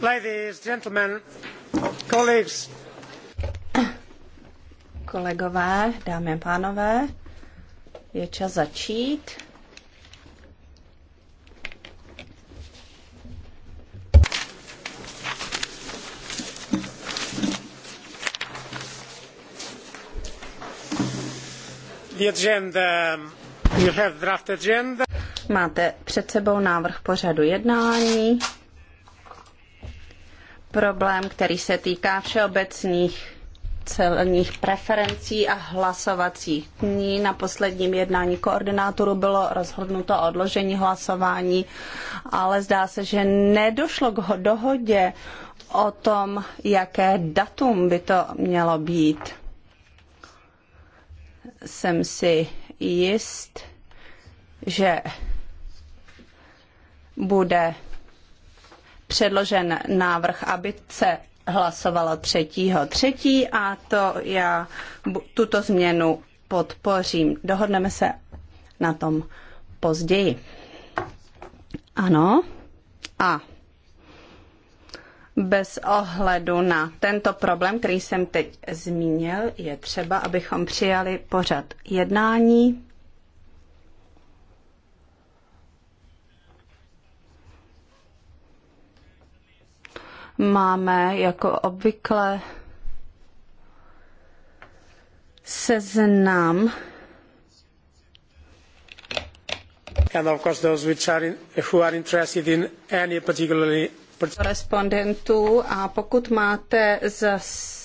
Ladies, gentlemen, colleagues. Kolegové, dámy a pánové, je čas začít. The agenda, you have draft agenda. Máte před sebou návrh pořadu jednání. Problém, který se týká všeobecných celních preferencí a hlasovacích dní. Na posledním jednání koordinátoru bylo rozhodnuto o odložení hlasování, ale zdá se, že nedošlo k dohodě o tom, jaké datum by to mělo být. Jsem si jist, že bude předložen návrh, aby se hlasovalo třetího třetí a to já tuto změnu podpořím. Dohodneme se na tom později. Ano. A bez ohledu na tento problém, který jsem teď zmínil, je třeba, abychom přijali pořad jednání Máme jako obvykle seznam and of course those which are in, who are interested in any particularly korespondentů a pokud máte zas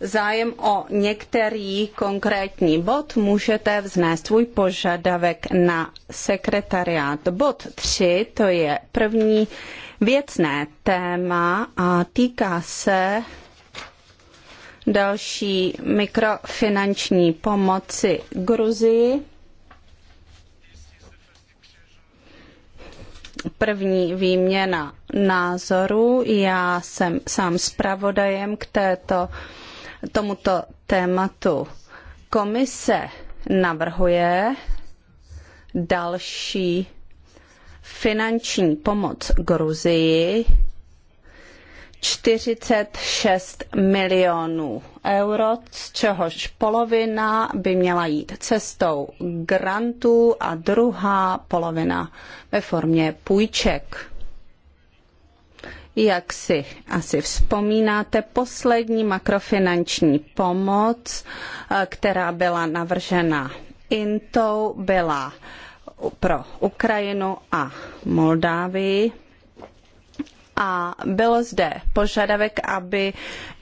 zájem o některý konkrétní bod, můžete vznést svůj požadavek na sekretariát. Bod 3, to je první věcné téma a týká se další mikrofinanční pomoci Gruzii. První výměna názoru. Já jsem sám zpravodajem k této, tomuto tématu. Komise navrhuje další finanční pomoc Gruzii 46 milionů euro, z čehož polovina by měla jít cestou grantů a druhá polovina ve formě půjček. Jak si asi vzpomínáte, poslední makrofinanční pomoc, eh, která byla navržena Intou, byla pro Ukrajinu a Moldávii a byl zde požadavek, aby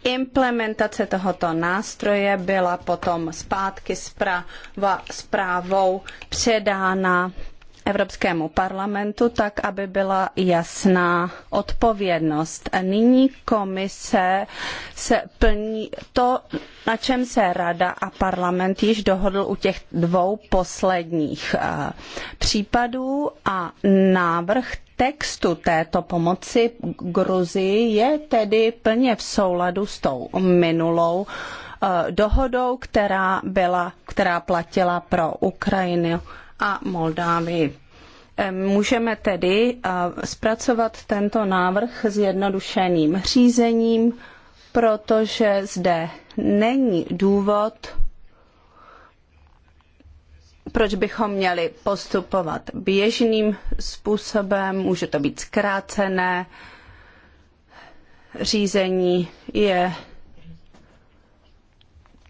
implementace tohoto nástroje byla potom zpátky zprávou předána Evropskému parlamentu, tak aby byla jasná odpovědnost. nyní komise se plní to, na čem se rada a parlament již dohodl u těch dvou posledních eh, případů a návrh textu této pomoci Gruzii je tedy plně v souladu s tou minulou eh, dohodou, která, byla, která platila pro Ukrajinu a Moldávii. Můžeme tedy eh, zpracovat tento návrh s jednodušeným řízením, protože zde není důvod, proč bychom měli postupovat běžným způsobem. Může to být zkrácené řízení, je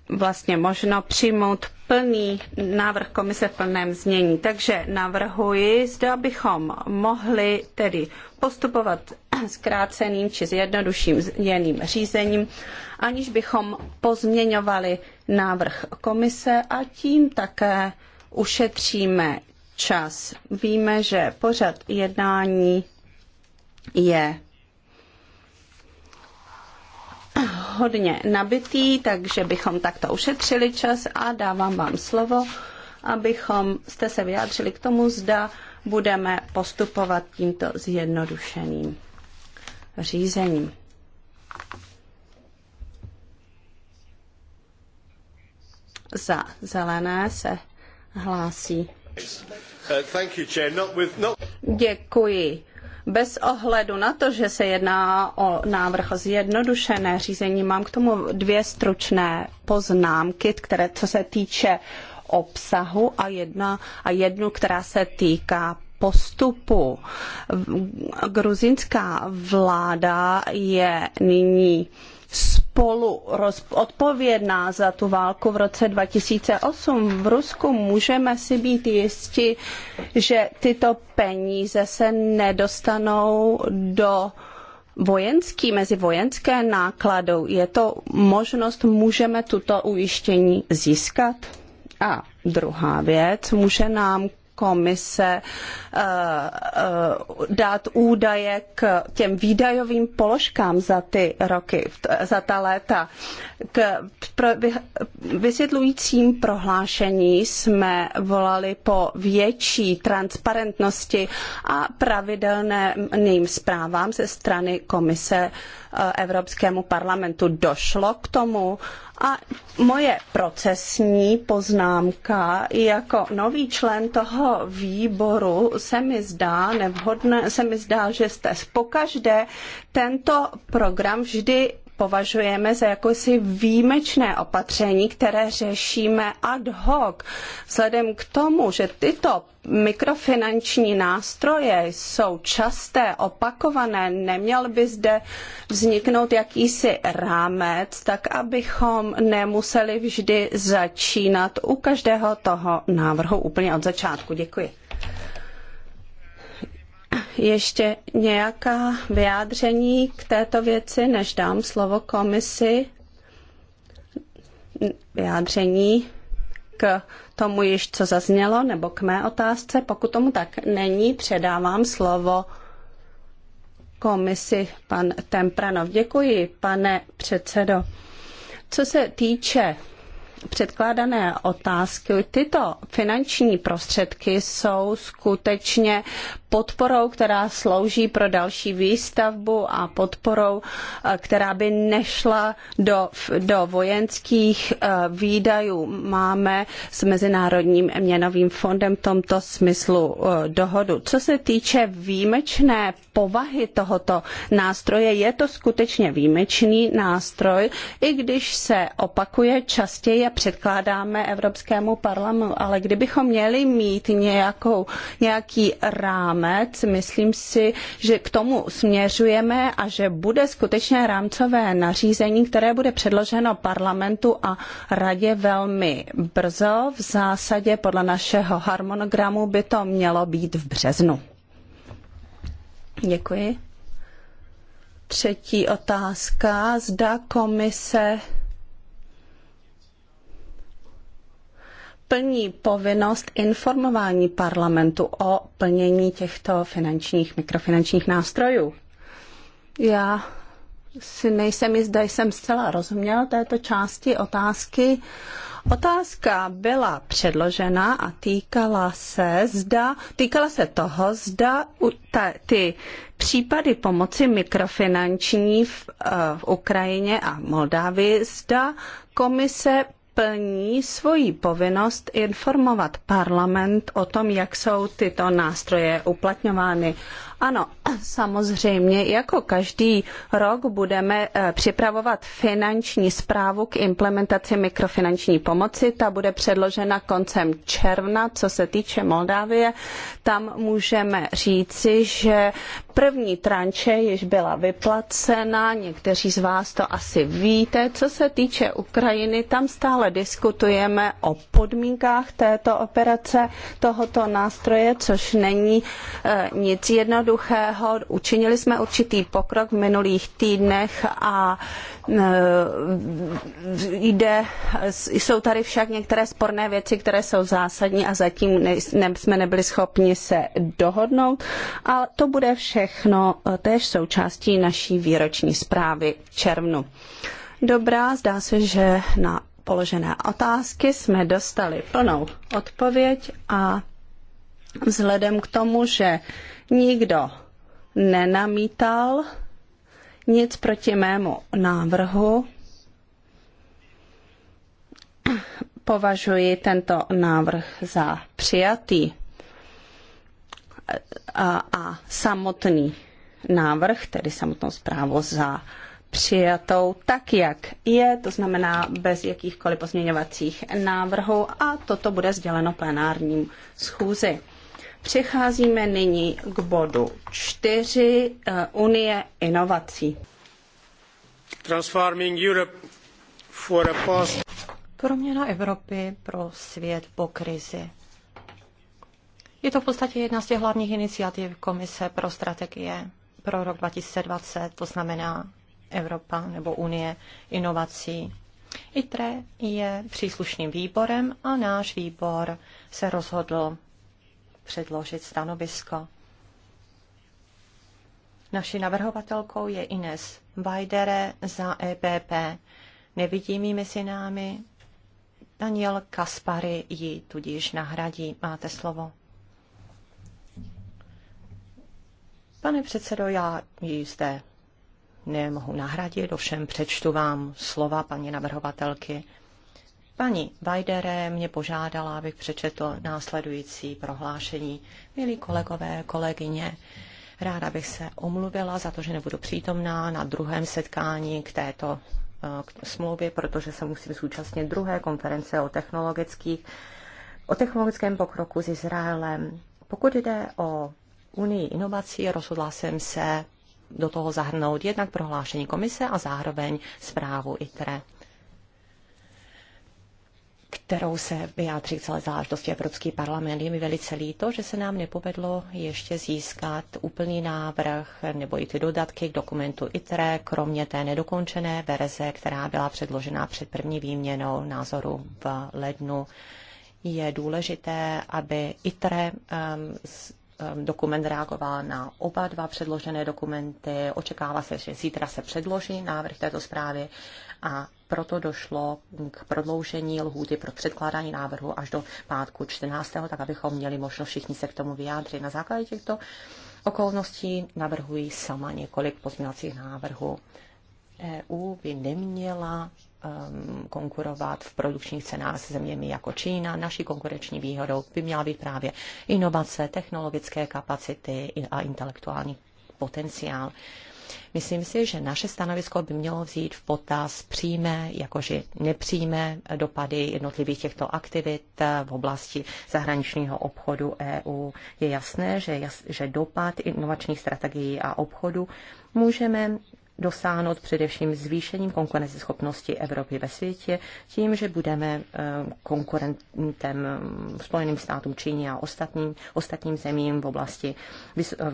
vlastně možno přijmout plný návrh komise v plném znění. Takže navrhuji, zda bychom mohli tedy postupovat zkráceným či zjednodušeným jeným řízením, aniž bychom pozměňovali návrh komise a tím také ušetříme čas. Víme, že pořad jednání je hodně nabitý, takže bychom takto ušetřili čas a dávám vám slovo, abychom jste se vyjádřili k tomu, zda budeme postupovat tímto zjednodušeným řízením. Za zelené se hlásí. Děkuji bez ohledu na to, že se jedná o návrh o zjednodušené řízení, mám k tomu dvě stručné poznámky, které co se týče obsahu a, jedna, a jednu, která se týká postupu. Gruzinská vláda je nyní spolu odpovědná za tu válku v roce 2008 v Rusku, můžeme si být jisti, že tyto peníze se nedostanou do vojenský, mezi vojenské nákladou. Je to možnost, můžeme tuto ujištění získat? A druhá věc, může nám komise eh, eh, dát údaje k těm výdajovým položkám za ty roky, za ta léta. K vysvětlujícím prohlášení jsme volali po větší transparentnosti a pravidelným zprávám ze strany komise eh, Evropskému parlamentu. Došlo k tomu a moje procesní poznámka jako nový člen toho výboru se mi zdá nevhodné, se mi zdá, že jste pokaždé tento program vždy považujeme za jakousi výjimečné opatření, které řešíme ad hoc. Vzhledem k tomu, že tyto mikrofinanční nástroje jsou časté, opakované, neměl by zde vzniknout jakýsi rámec, tak abychom nemuseli vždy začínat u každého toho návrhu úplně od začátku. Děkuji ještě nějaká vyjádření k této věci, než dám slovo komisi? Vyjádření k tomu již, co zaznělo, nebo k mé otázce. Pokud tomu tak není, předávám slovo komisi pan Tempranov. Děkuji, pane předsedo. Co se týče předkládané otázky. Tyto finanční prostředky jsou skutečně podporou, která slouží pro další výstavbu a podporou, eh, která by nešla do, do vojenských eh, výdajů. Máme s Mezinárodním měnovým fondem v tomto smyslu eh, dohodu. Co se týče výjimečné povahy tohoto nástroje, je to skutečně výjimečný nástroj, i když se opakuje častěji je předkládáme Evropskému parlamentu, ale kdybychom měli mít nějakou, nějaký rámec, myslím si, že k tomu směřujeme a že bude skutečně rámcové nařízení, které bude předloženo parlamentu a radě velmi brzo. V zásadě podle našeho harmonogramu by to mělo být v březnu. Děkuji. Třetí otázka. Zda komise plní povinnost informování parlamentu o plnění těchto finančních, mikrofinančních nástrojů. Já si nejsem jistá, jsem zcela rozuměl této části otázky. Otázka byla předložena a týkala se, zda, týkala se toho, zda ta, ty případy pomoci mikrofinanční v, eh, v Ukrajině a Moldávii, zda komise plní svoji povinnost informovat parlament o tom, jak jsou tyto nástroje uplatňovány. Ano, samozřejmě, jako každý rok budeme eh, připravovat finanční zprávu k implementaci mikrofinanční pomoci. Ta bude předložena koncem června, co se týče Moldávie. Tam můžeme říci, že první tranče již byla vyplacena, někteří z vás to asi víte. Co se týče Ukrajiny, tam stále diskutujeme o podmínkách této operace, tohoto nástroje, což není eh, nic jednoduchého jednoduchého. Učinili jsme určitý pokrok v minulých týdnech a e, jde, jsou tady však některé sporné věci, které jsou zásadní a zatím ne, ne, jsme nebyli schopni se dohodnout. A to bude všechno e, též součástí naší výroční zprávy v červnu. Dobrá, zdá se, že na položené otázky jsme dostali plnou odpověď a Vzhledem k tomu, že nikdo nenamítal nic proti mému návrhu, považuji tento návrh za přijatý. A, a samotný návrh, tedy samotnou zprávu za přijatou tak, jak je, to znamená bez jakýchkoliv pozměňovacích návrhů a toto bude sděleno plenárním schůzi. Přecházíme nyní k bodu 4 eh, Unie inovací. Transforming Europe for a post. Proměna Evropy pro svět po krizi. Je to v podstatě jedna z těch hlavních iniciativ Komise pro strategie pro rok 2020, to znamená Evropa nebo Unie inovací. ITRE je příslušným výborem a náš výbor se rozhodl předložit stanovisko. Naší navrhovatelkou je Ines Bajdere za EPP. Nevidím ji mezi námi. Daniel Kaspary ji tudíž nahradí. Máte slovo. Pane předsedo, já ji zde nemohu nahradit, ovšem přečtu vám slova paní navrhovatelky. Paní Bajdere mě požádala, abych přečetl následující prohlášení. Milí kolegové, kolegyně, ráda bych se omluvila za to, že nebudu přítomná na druhém setkání k této eh, k smlouvě, protože se musím zúčastnit druhé konference o technologických, o technologickém pokroku s Izraelem. Pokud jde o Unii inovací, rozhodla jsem se do toho zahrnout jednak prohlášení komise a zároveň zprávu ITRE kterou se vyjádří celé záležitosti Evropský parlament. Je mi velice líto, že se nám nepovedlo ještě získat úplný návrh nebo i ty dodatky k dokumentu ITRE, kromě té nedokončené verze, která byla předložena před první výměnou názoru v lednu. Je důležité, aby ITRE um, um, dokument reagoval na oba dva předložené dokumenty. Očekává se, že zítra se předloží návrh této zprávy a proto došlo k prodloužení lhůty pro předkládání návrhu až do pátku 14. tak abychom měli možnost všichni se k tomu vyjádřit. Na základě těchto okolností navrhuji sama několik pozměňovacích návrhů. EU by neměla um, konkurovat v produkčních cenách se zeměmi jako Čína. Naší konkurenční výhodou by měla být právě inovace, technologické kapacity a intelektuální potenciál. Uh, Myslím si, že naše stanovisko by mělo vzít v potaz přímé, jakož i nepřímé dopady jednotlivých těchto aktivit v oblasti zahraničního obchodu EU. Je jasné, že, jas, že dopad inovačních strategií a obchodu můžeme dosáhnout především zvýšením konkurenceschopnosti Evropy ve světě, tím, že budeme eh, konkurentem Spojeným státům Číně a ostatním, ostatním zemím v oblasti,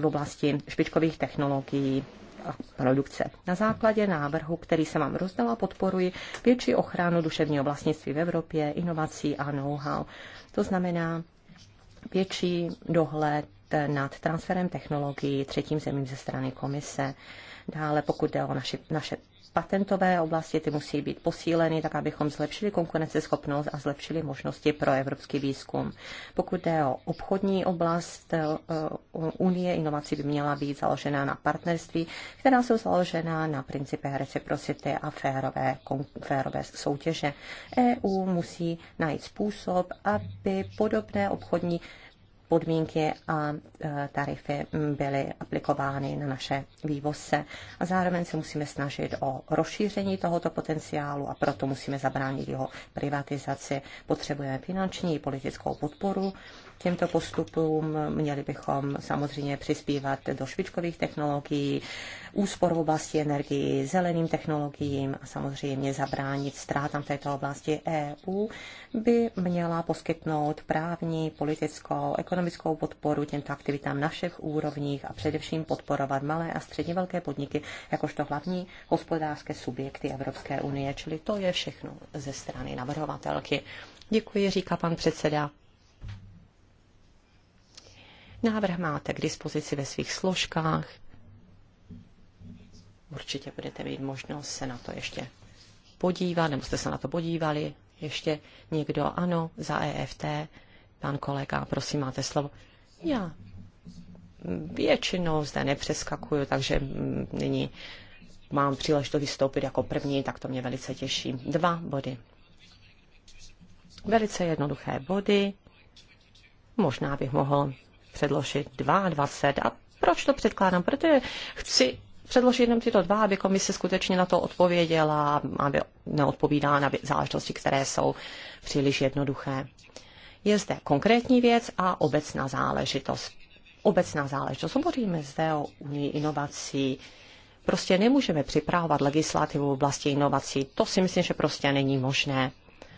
v oblasti špičkových technologií, a produkce. Na základě návrhu, který se vám rozdala, podporuji větší ochranu duševního vlastnictví v Evropě, inovací a know-how. To znamená větší dohled nad transferem technologií třetím zemím ze strany komise. Dále, pokud jde o naši, naše patentové oblasti, ty musí být posíleny, tak abychom zlepšili konkurenceschopnost a zlepšili možnosti pro evropský výzkum. Pokud jde o obchodní oblast, eh, eh, Unie inovací by měla být založena na partnerství, která jsou založena na principech reciprocity a férové, férové soutěže. EU musí najít způsob, aby podobné obchodní podmínky a e, tarify byly aplikovány na naše vývozce. A zároveň se musíme snažit o rozšíření tohoto potenciálu a proto musíme zabránit jeho privatizaci. Potřebujeme finanční i politickou podporu těmto postupům. Měli bychom samozřejmě přispívat do špičkových technologií, úspor v oblasti energii, zeleným technologiím a samozřejmě zabránit ztrátám této oblasti. EU by měla poskytnout právní, politickou, ekonomickou podporu těmto aktivitám na všech úrovních a především podporovat malé a středně velké podniky jakožto hlavní hospodářské subjekty Evropské unie. Čili to je všechno ze strany navrhovatelky. Děkuji, říká pan předseda. Návrh máte k dispozici ve svých složkách. Určitě budete mít možnost se na to ještě podívat, nebo jste se na to podívali. Ještě někdo? Ano, za EFT. Pan kolega, prosím, máte slovo. Já většinou zde nepřeskakuju, takže nyní mám příležitost vystoupit jako první, tak to mě velice těší. Dva body. Velice jednoduché body. Možná bych mohl předložit 22. A proč to předkládám? Protože chci předložit jenom tyto dva, aby komise skutečně na to odpověděla, aby neodpovídala na záležitosti, které jsou příliš jednoduché. Je zde konkrétní věc a obecná záležitost. Obecná záležitost. Hovoříme zde o unii inovací. Prostě nemůžeme připravovat legislativu v oblasti inovací. To si myslím, že prostě není možné.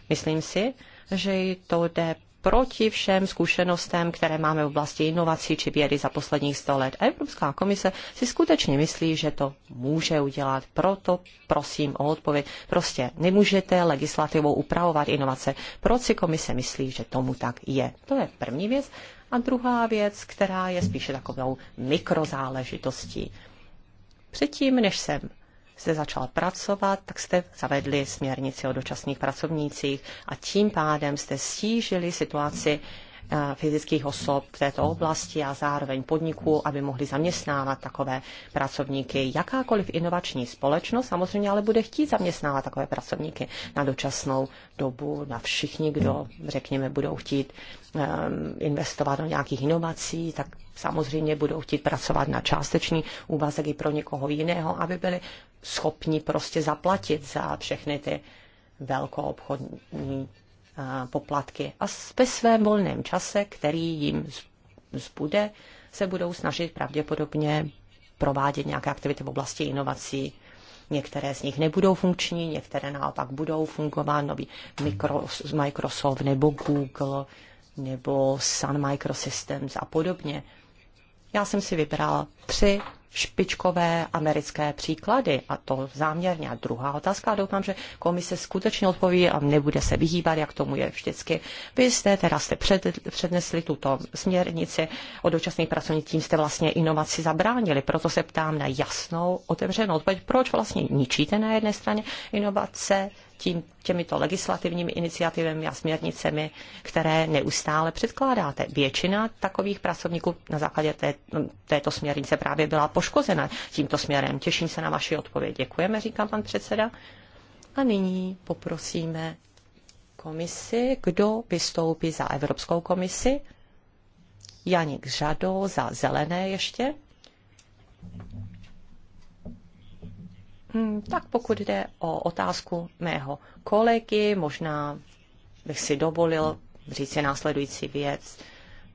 Myslím si, že to jde proti všem zkušenostem, které máme v oblasti inovací či vědy za posledních 100 let. A Evropská komise si skutečně myslí, že to může udělat. Proto prosím o odpověď. Prostě nemůžete legislativou upravovat inovace. Proč si komise myslí, že tomu tak je? To je první věc. A druhá věc, která je spíše takovou mikrozáležitostí. Předtím, než jsem jste začal pracovat, tak jste zavedli směrnici o dočasných pracovnících a tím pádem jste stížili situaci Eh, fyzických osob v této oblasti a zároveň podniků, aby mohli zaměstnávat takové pracovníky. Jakákoliv inovační společnost samozřejmě ale bude chtít zaměstnávat takové pracovníky na dočasnou dobu, na všichni, kdo, řekněme, budou chtít eh, investovat do nějakých inovací, tak samozřejmě budou chtít pracovat na částečný úvazek i pro někoho jiného, aby byli schopni prostě zaplatit za všechny ty velkoobchodní poplatky. A ve svém volném čase, který jim zbude, se budou snažit pravděpodobně provádět nějaké aktivity v oblasti inovací. Některé z nich nebudou funkční, některé naopak budou fungovat, nový Microsoft nebo Google nebo Sun Microsystems a podobně. Já jsem si vybral tři špičkové americké příklady a to záměrně. A druhá otázka, a doufám, že komise skutečně odpoví a nebude se vyhýbat, jak tomu je vždycky. Vy jste, teda jste před, přednesli tuto směrnici o dočasných pracovních tím jste vlastně inovaci zabránili. Proto se ptám na jasnou, otevřenou odpověď, proč vlastně ničíte na jedné straně inovace, tím, těmito legislativními iniciativami a směrnicemi, které neustále předkládáte. Většina takových pracovníků na základě té, no, této směrnice právě byla poškozena tímto směrem. Těším se na vaši odpověď. Děkujeme, říká pan předseda. A nyní poprosíme komisi, kdo vystoupí za Evropskou komisi. Janik Žado za zelené ještě. Hm, tak pokud jde o otázku mého kolegy, možná bych si dovolil říct si následující věc.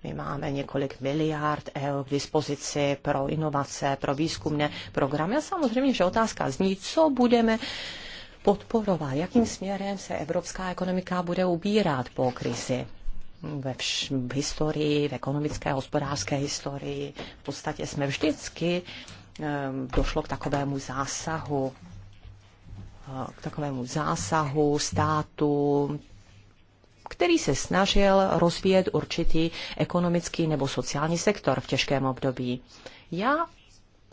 My máme několik miliard eur k dispozici pro inovace, pro výzkumné programy. A samozřejmě, že otázka zní, co budeme podporovat, jakým směrem se evropská ekonomika bude ubírat po krizi ve vš- v historii, v ekonomické a hospodářské historii. V podstatě jsme vždycky Ehm, došlo k takovému zásahu, eh, k takovému zásahu státu, který se snažil rozvíjet určitý ekonomický nebo sociální sektor v těžkém období. Já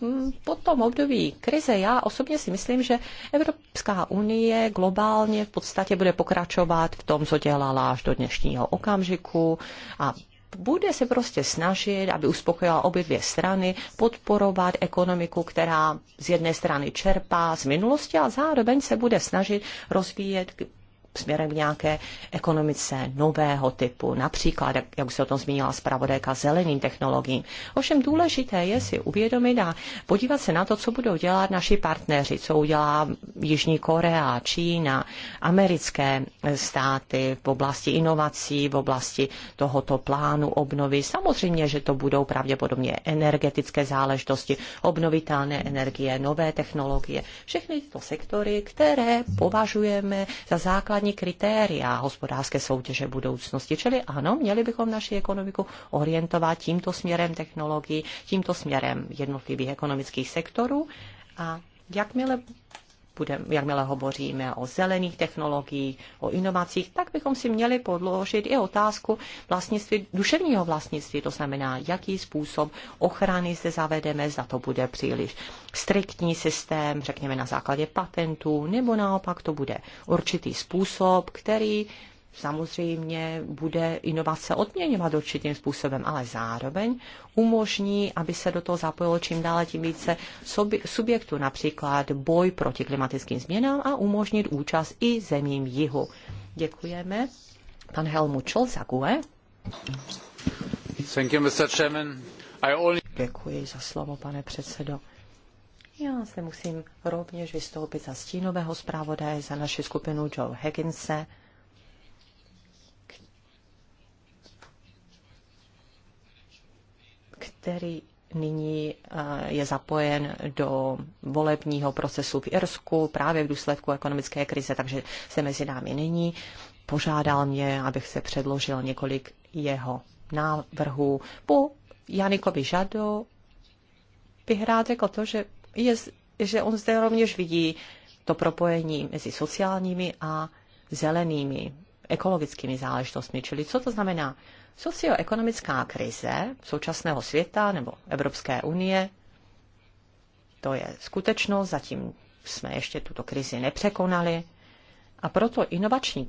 hm, po tom období krize, já osobně si myslím, že Evropská unie globálně v podstatě bude pokračovat v tom, co dělala až do dnešního okamžiku a bude se prostě snažit, aby uspokojila obě dvě strany, podporovat ekonomiku, která z jedné strany čerpá z minulosti a zároveň se bude snažit rozvíjet směrem k nějaké ekonomice nového typu, například, jak, jak se o tom zmínila zpravodajka, zeleným technologiím. Ovšem důležité je si uvědomit a podívat se na to, co budou dělat naši partneři, co udělá Jižní Korea, Čína, americké státy v oblasti inovací, v oblasti tohoto plánu obnovy. Samozřejmě, že to budou pravděpodobně energetické záležitosti, obnovitelné energie, nové technologie, všechny tyto sektory, které považujeme za základní základní kritéria hospodářské soutěže budoucnosti. Čili ano, měli bychom naši ekonomiku orientovat tímto směrem technologií, tímto směrem jednotlivých ekonomických sektorů a jakmile budem, jakmile hovoříme o zelených technologiích, o inovacích, tak bychom si měli podložit i otázku vlastnictví, duševního vlastnictví, to znamená, jaký způsob ochrany zde zavedeme, zda to bude příliš striktní systém, řekněme na základě patentů, nebo naopak to bude určitý způsob, který samozřejmě bude inovace odměňovat určitým způsobem, ale zároveň umožní, aby se do toho zapojilo čím dále tím více subjektů, například boj proti klimatickým změnám a umožnit účast i zemím jihu. Děkujeme. Pan Helmut Scholz, Ague. Thank you, Mr. Chairman. I only... Děkuji za slovo, pane předsedo. Já se musím rovněž vystoupit za stínového zpravodaje za naši skupinu Joe Higginse který nyní eh, je zapojen do volebního procesu v Irsku právě v důsledku ekonomické krize, takže se mezi námi není. Požádal mě, abych se předložil několik jeho návrhů. Po Janikovi Žado bych rád řekl to, že, je, že on zde rovněž vidí to propojení mezi sociálními a zelenými ekologickými záležitostmi. Čili co to znamená Socioekonomická krize současného světa nebo Evropské unie, to je skutečnost, zatím jsme ještě tuto krizi nepřekonali a proto inovační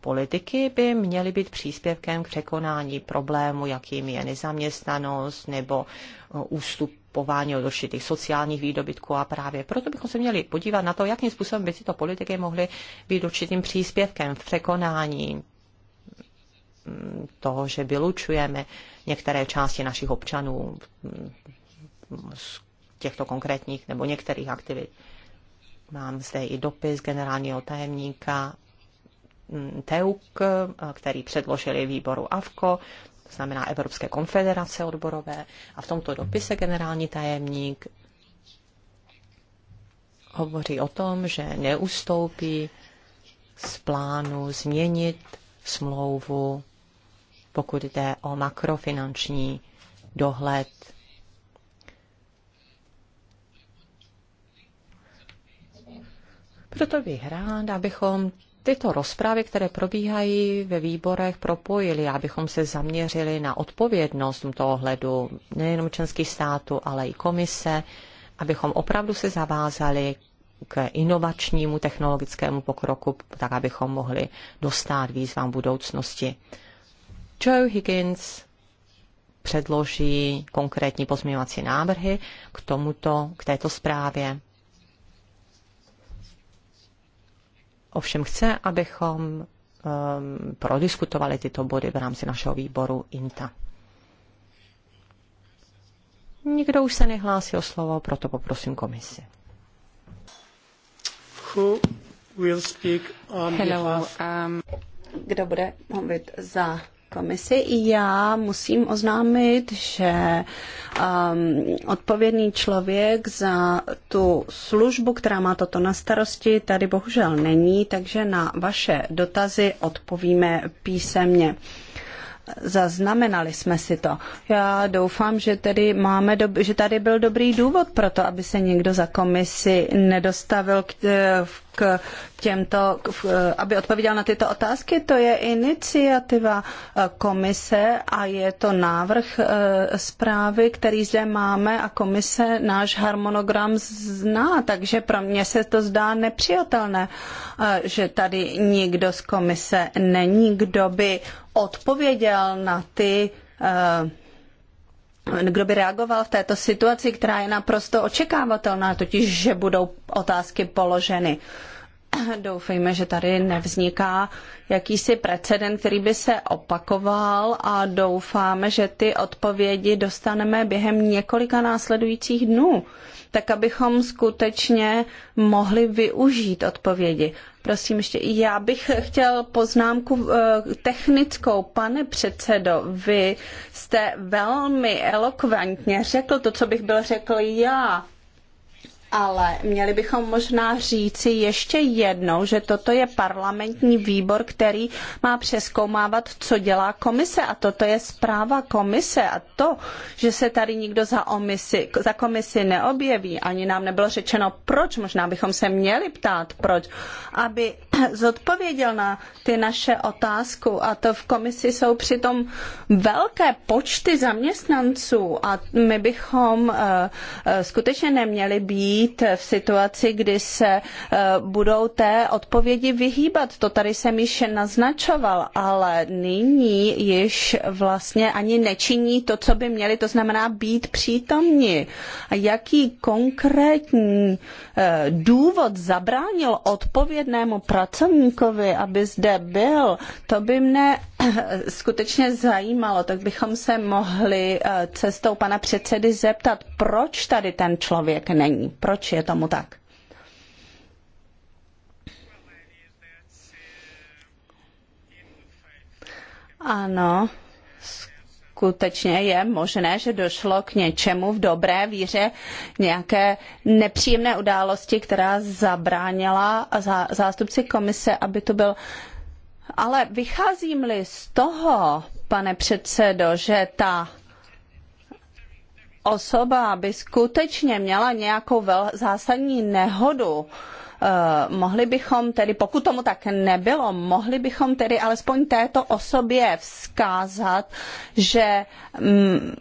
politiky by měly být příspěvkem k překonání problému, jakým je nezaměstnanost nebo eh, ústupování od určitých sociálních výdobytků a právě proto bychom se měli podívat na to, jakým způsobem by tyto politiky mohly být určitým příspěvkem v překonání toho, že vylučujeme některé části našich občanů z těchto konkrétních nebo některých aktivit. Mám zde i dopis generálního tajemníka TEUK, který předložili výboru AVKO, to znamená Evropské konfederace odborové. A v tomto dopise generální tajemník hovoří o tom, že neustoupí z plánu změnit smlouvu pokud jde o makrofinanční dohled. Proto bych rád, abychom tyto rozprávy, které probíhají ve výborech, propojili, abychom se zaměřili na odpovědnost v tomto ohledu nejenom členských států, ale i komise, abychom opravdu se zavázali k inovačnímu technologickému pokroku, tak abychom mohli dostát výzvám budoucnosti. Joe Higgins předloží konkrétní pozměňovací návrhy k tomuto, k této zprávě. Ovšem chce, abychom um, prodiskutovali tyto body v rámci našeho výboru INTA. Nikdo už se nehlásí o slovo, proto poprosím komisi. Who will speak on Hello, um... Kdo bude mluvit za komisi. Já musím oznámit, že um, odpovědný člověk za tu službu, která má toto na starosti, tady bohužel není, takže na vaše dotazy odpovíme písemně zaznamenali jsme si to. Já doufám, že, tedy máme že tady byl dobrý důvod pro to, aby se někdo za komisi nedostavil k, eh, v k těmto, eh, aby odpověděl na tyto otázky. To je iniciativa eh, komise a je to návrh eh, zprávy, který zde máme a komise náš harmonogram zná, takže pro mě se to zdá nepřijatelné, že tady nikdo z komise není, kdo by odpověděl na ty kdo by reagoval v této situaci, která je naprosto očekávatelná, totiž, že budou otázky položeny. Doufejme, že tady nevzniká jakýsi precedent, který by se opakoval a doufáme, že ty odpovědi dostaneme během několika následujících dnů, tak abychom skutečně mohli využít odpovědi. Prosím, ještě já bych chtěl poznámku eh, technickou. Pane předsedo, vy jste velmi elokventně řekl to, co bych byl řekl já ale měli bychom možná říci ještě jednou, že toto je parlamentní výbor, který má přeskoumávat, co dělá komise a toto je zpráva komise a to, že se tady nikdo za, omisi, za komisi neobjeví, ani nám nebylo řečeno proč, možná bychom se měli ptát proč, aby zodpověděl na ty naše otázky a to v komisi jsou přitom velké počty zaměstnanců a my bychom eh, eh, skutečně neměli být být v situaci, kdy se eh, budou té odpovědi vyhýbat. To tady jsem již naznačoval, ale nyní již vlastně ani nečiní to, co by měli, to znamená být přítomni. A jaký konkrétní eh, důvod zabránil odpovědnému pracovníkovi, aby zde byl, to by mne eh, skutečně zajímalo, tak bychom se mohli cestou pana předsedy zeptat, proč tady ten člověk není. Proč je tomu tak? Ano, skutečně je možné, že došlo k něčemu v dobré víře, nějaké nepříjemné události, která zabránila zástupci komise, aby to byl. Ale vycházím-li z toho, pane předsedo, že ta osoba by skutečně měla nějakou vel- zásadní nehodu, eh, mohli bychom tedy, pokud tomu tak nebylo, mohli bychom tedy alespoň této osobě vzkázat, že mm,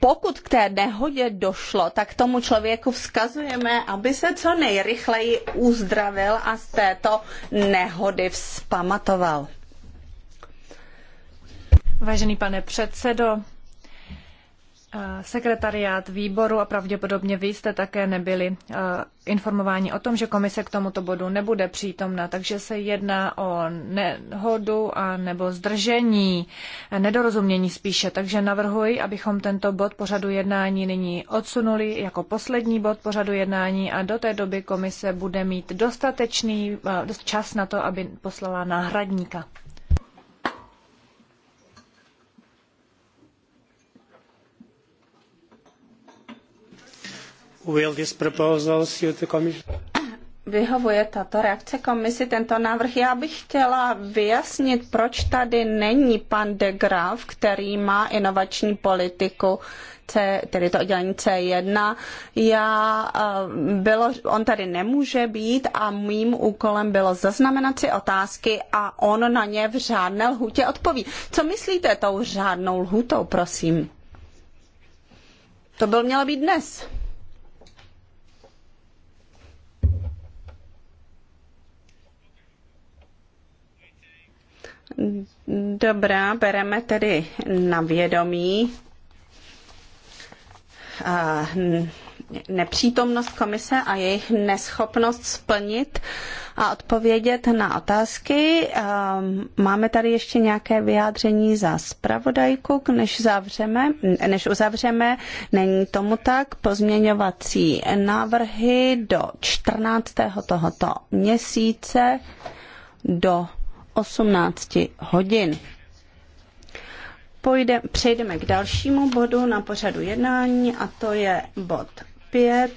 pokud k té nehodě došlo, tak tomu člověku vzkazujeme, aby se co nejrychleji uzdravil a z této nehody vzpamatoval. Vážený pane předsedo, sekretariát výboru a pravděpodobně vy jste také nebyli informováni o tom, že komise k tomuto bodu nebude přítomna, takže se jedná o nehodu a nebo zdržení, nedorozumění spíše. Takže navrhuji, abychom tento bod pořadu jednání nyní odsunuli jako poslední bod pořadu jednání a do té doby komise bude mít dostatečný čas na to, aby poslala náhradníka. Will this proposal suit the commission? Vyhovuje tato reakce komisi tento návrh. Já bych chtěla vyjasnit, proč tady není pan de Graaf, který má inovační politiku, C, tedy to oddělení C1. Já, eh, bylo, on tady nemůže být a mým úkolem bylo zaznamenat si otázky a on na ně v řádné lhůtě odpoví. Co myslíte tou řádnou lhůtou, prosím? To byl mělo být dnes. Dobrá, bereme tedy na vědomí nepřítomnost komise a jejich neschopnost splnit a odpovědět na otázky. Máme tady ještě nějaké vyjádření za zpravodajku, než, zavřeme, než uzavřeme. Není tomu tak. Pozměňovací návrhy do 14. tohoto měsíce do 18 hodin. Pojde, přejdeme k dalšímu bodu na pořadu jednání a to je bod 5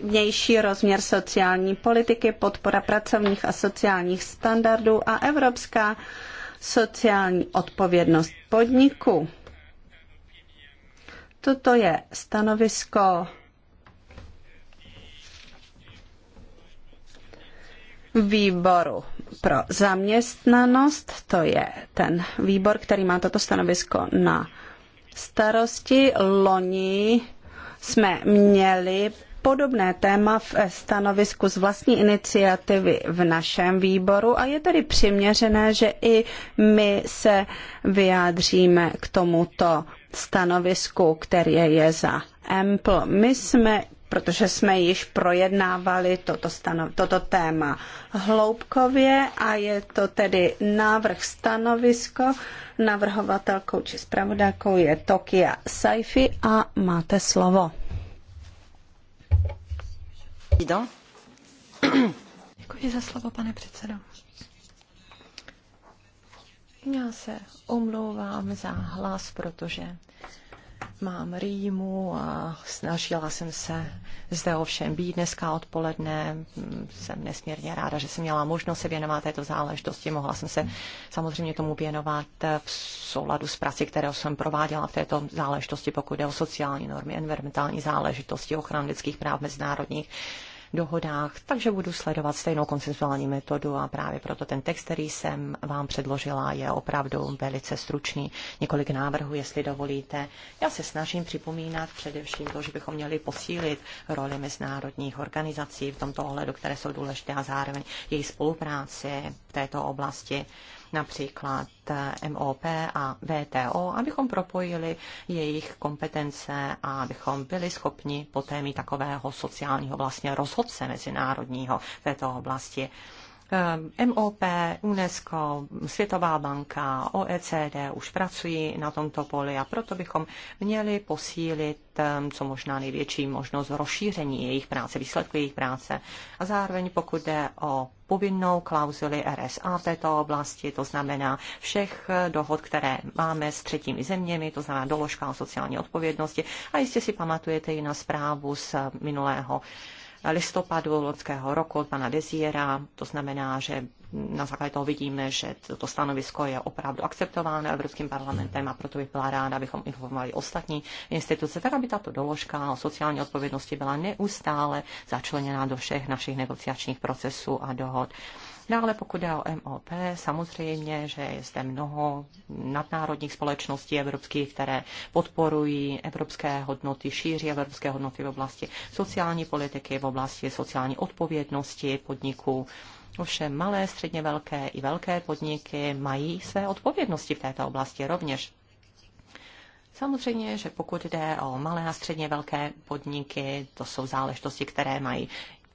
vnější rozměr sociální politiky, podpora pracovních a sociálních standardů a evropská sociální odpovědnost podniku. Toto je stanovisko výboru pro zaměstnanost, to je ten výbor, který má toto stanovisko na starosti. Loni jsme měli podobné téma v stanovisku z vlastní iniciativy v našem výboru a je tedy přiměřené, že i my se vyjádříme k tomuto stanovisku, které je za EMPL. My jsme protože jsme již projednávali toto, toto téma hloubkově a je to tedy návrh stanovisko. Navrhovatelkou či zpravodajkou je Tokia Saifi a máte slovo. Děkuji za slovo, pane předsedo. Já se omlouvám za hlas, protože mám rýmu a snažila jsem se zde ovšem být dneska odpoledne. Jsem nesmírně ráda, že jsem měla možnost se věnovat této záležitosti. Mohla jsem se samozřejmě tomu věnovat v souladu s prací, kterou jsem prováděla v této záležitosti, pokud jde o sociální normy, environmentální záležitosti, ochranu lidských práv mezinárodních dohodách, takže budu sledovat stejnou konsensuální metodu a právě proto ten text, který jsem vám předložila, je opravdu velice stručný. Několik návrhů, jestli dovolíte. Já se snažím připomínat především to, že bychom měli posílit roli mezinárodních organizací v tomto ohledu, které jsou důležité a zároveň jejich spolupráci v této oblasti například eh, MOP a VTO, abychom propojili jejich kompetence a abychom byli schopni poté mít takového sociálního vlastně rozhodce mezinárodního v této oblasti. Eh, MOP, UNESCO, Světová banka, OECD už pracují na tomto poli a proto bychom měli posílit eh, co možná největší možnost rozšíření jejich práce, výsledku jejich práce. A zároveň pokud jde o povinnou klauzuli RSA v této oblasti, to znamená všech eh, dohod, které máme s třetími zeměmi, to znamená doložka o sociální odpovědnosti. A jistě si pamatujete i na zprávu z minulého listopadu loňského roku od pana Deziera. To znamená, že na základě toho vidíme, že toto stanovisko je opravdu akceptováno Evropským parlamentem a proto bych byla ráda, abychom informovali ostatní instituce, tak aby tato doložka o sociální odpovědnosti byla neustále začleněna do všech našich negociačních procesů a dohod. Dále no, pokud jde o MOP, samozřejmě, že je zde mnoho nadnárodních společností evropských, které podporují evropské hodnoty, šíří evropské hodnoty v oblasti sociální politiky, v oblasti sociální odpovědnosti podniků. Ovšem malé, středně velké i velké podniky mají své odpovědnosti v této oblasti rovněž. Samozřejmě, že pokud jde o malé a středně velké podniky, to jsou záležitosti, které mají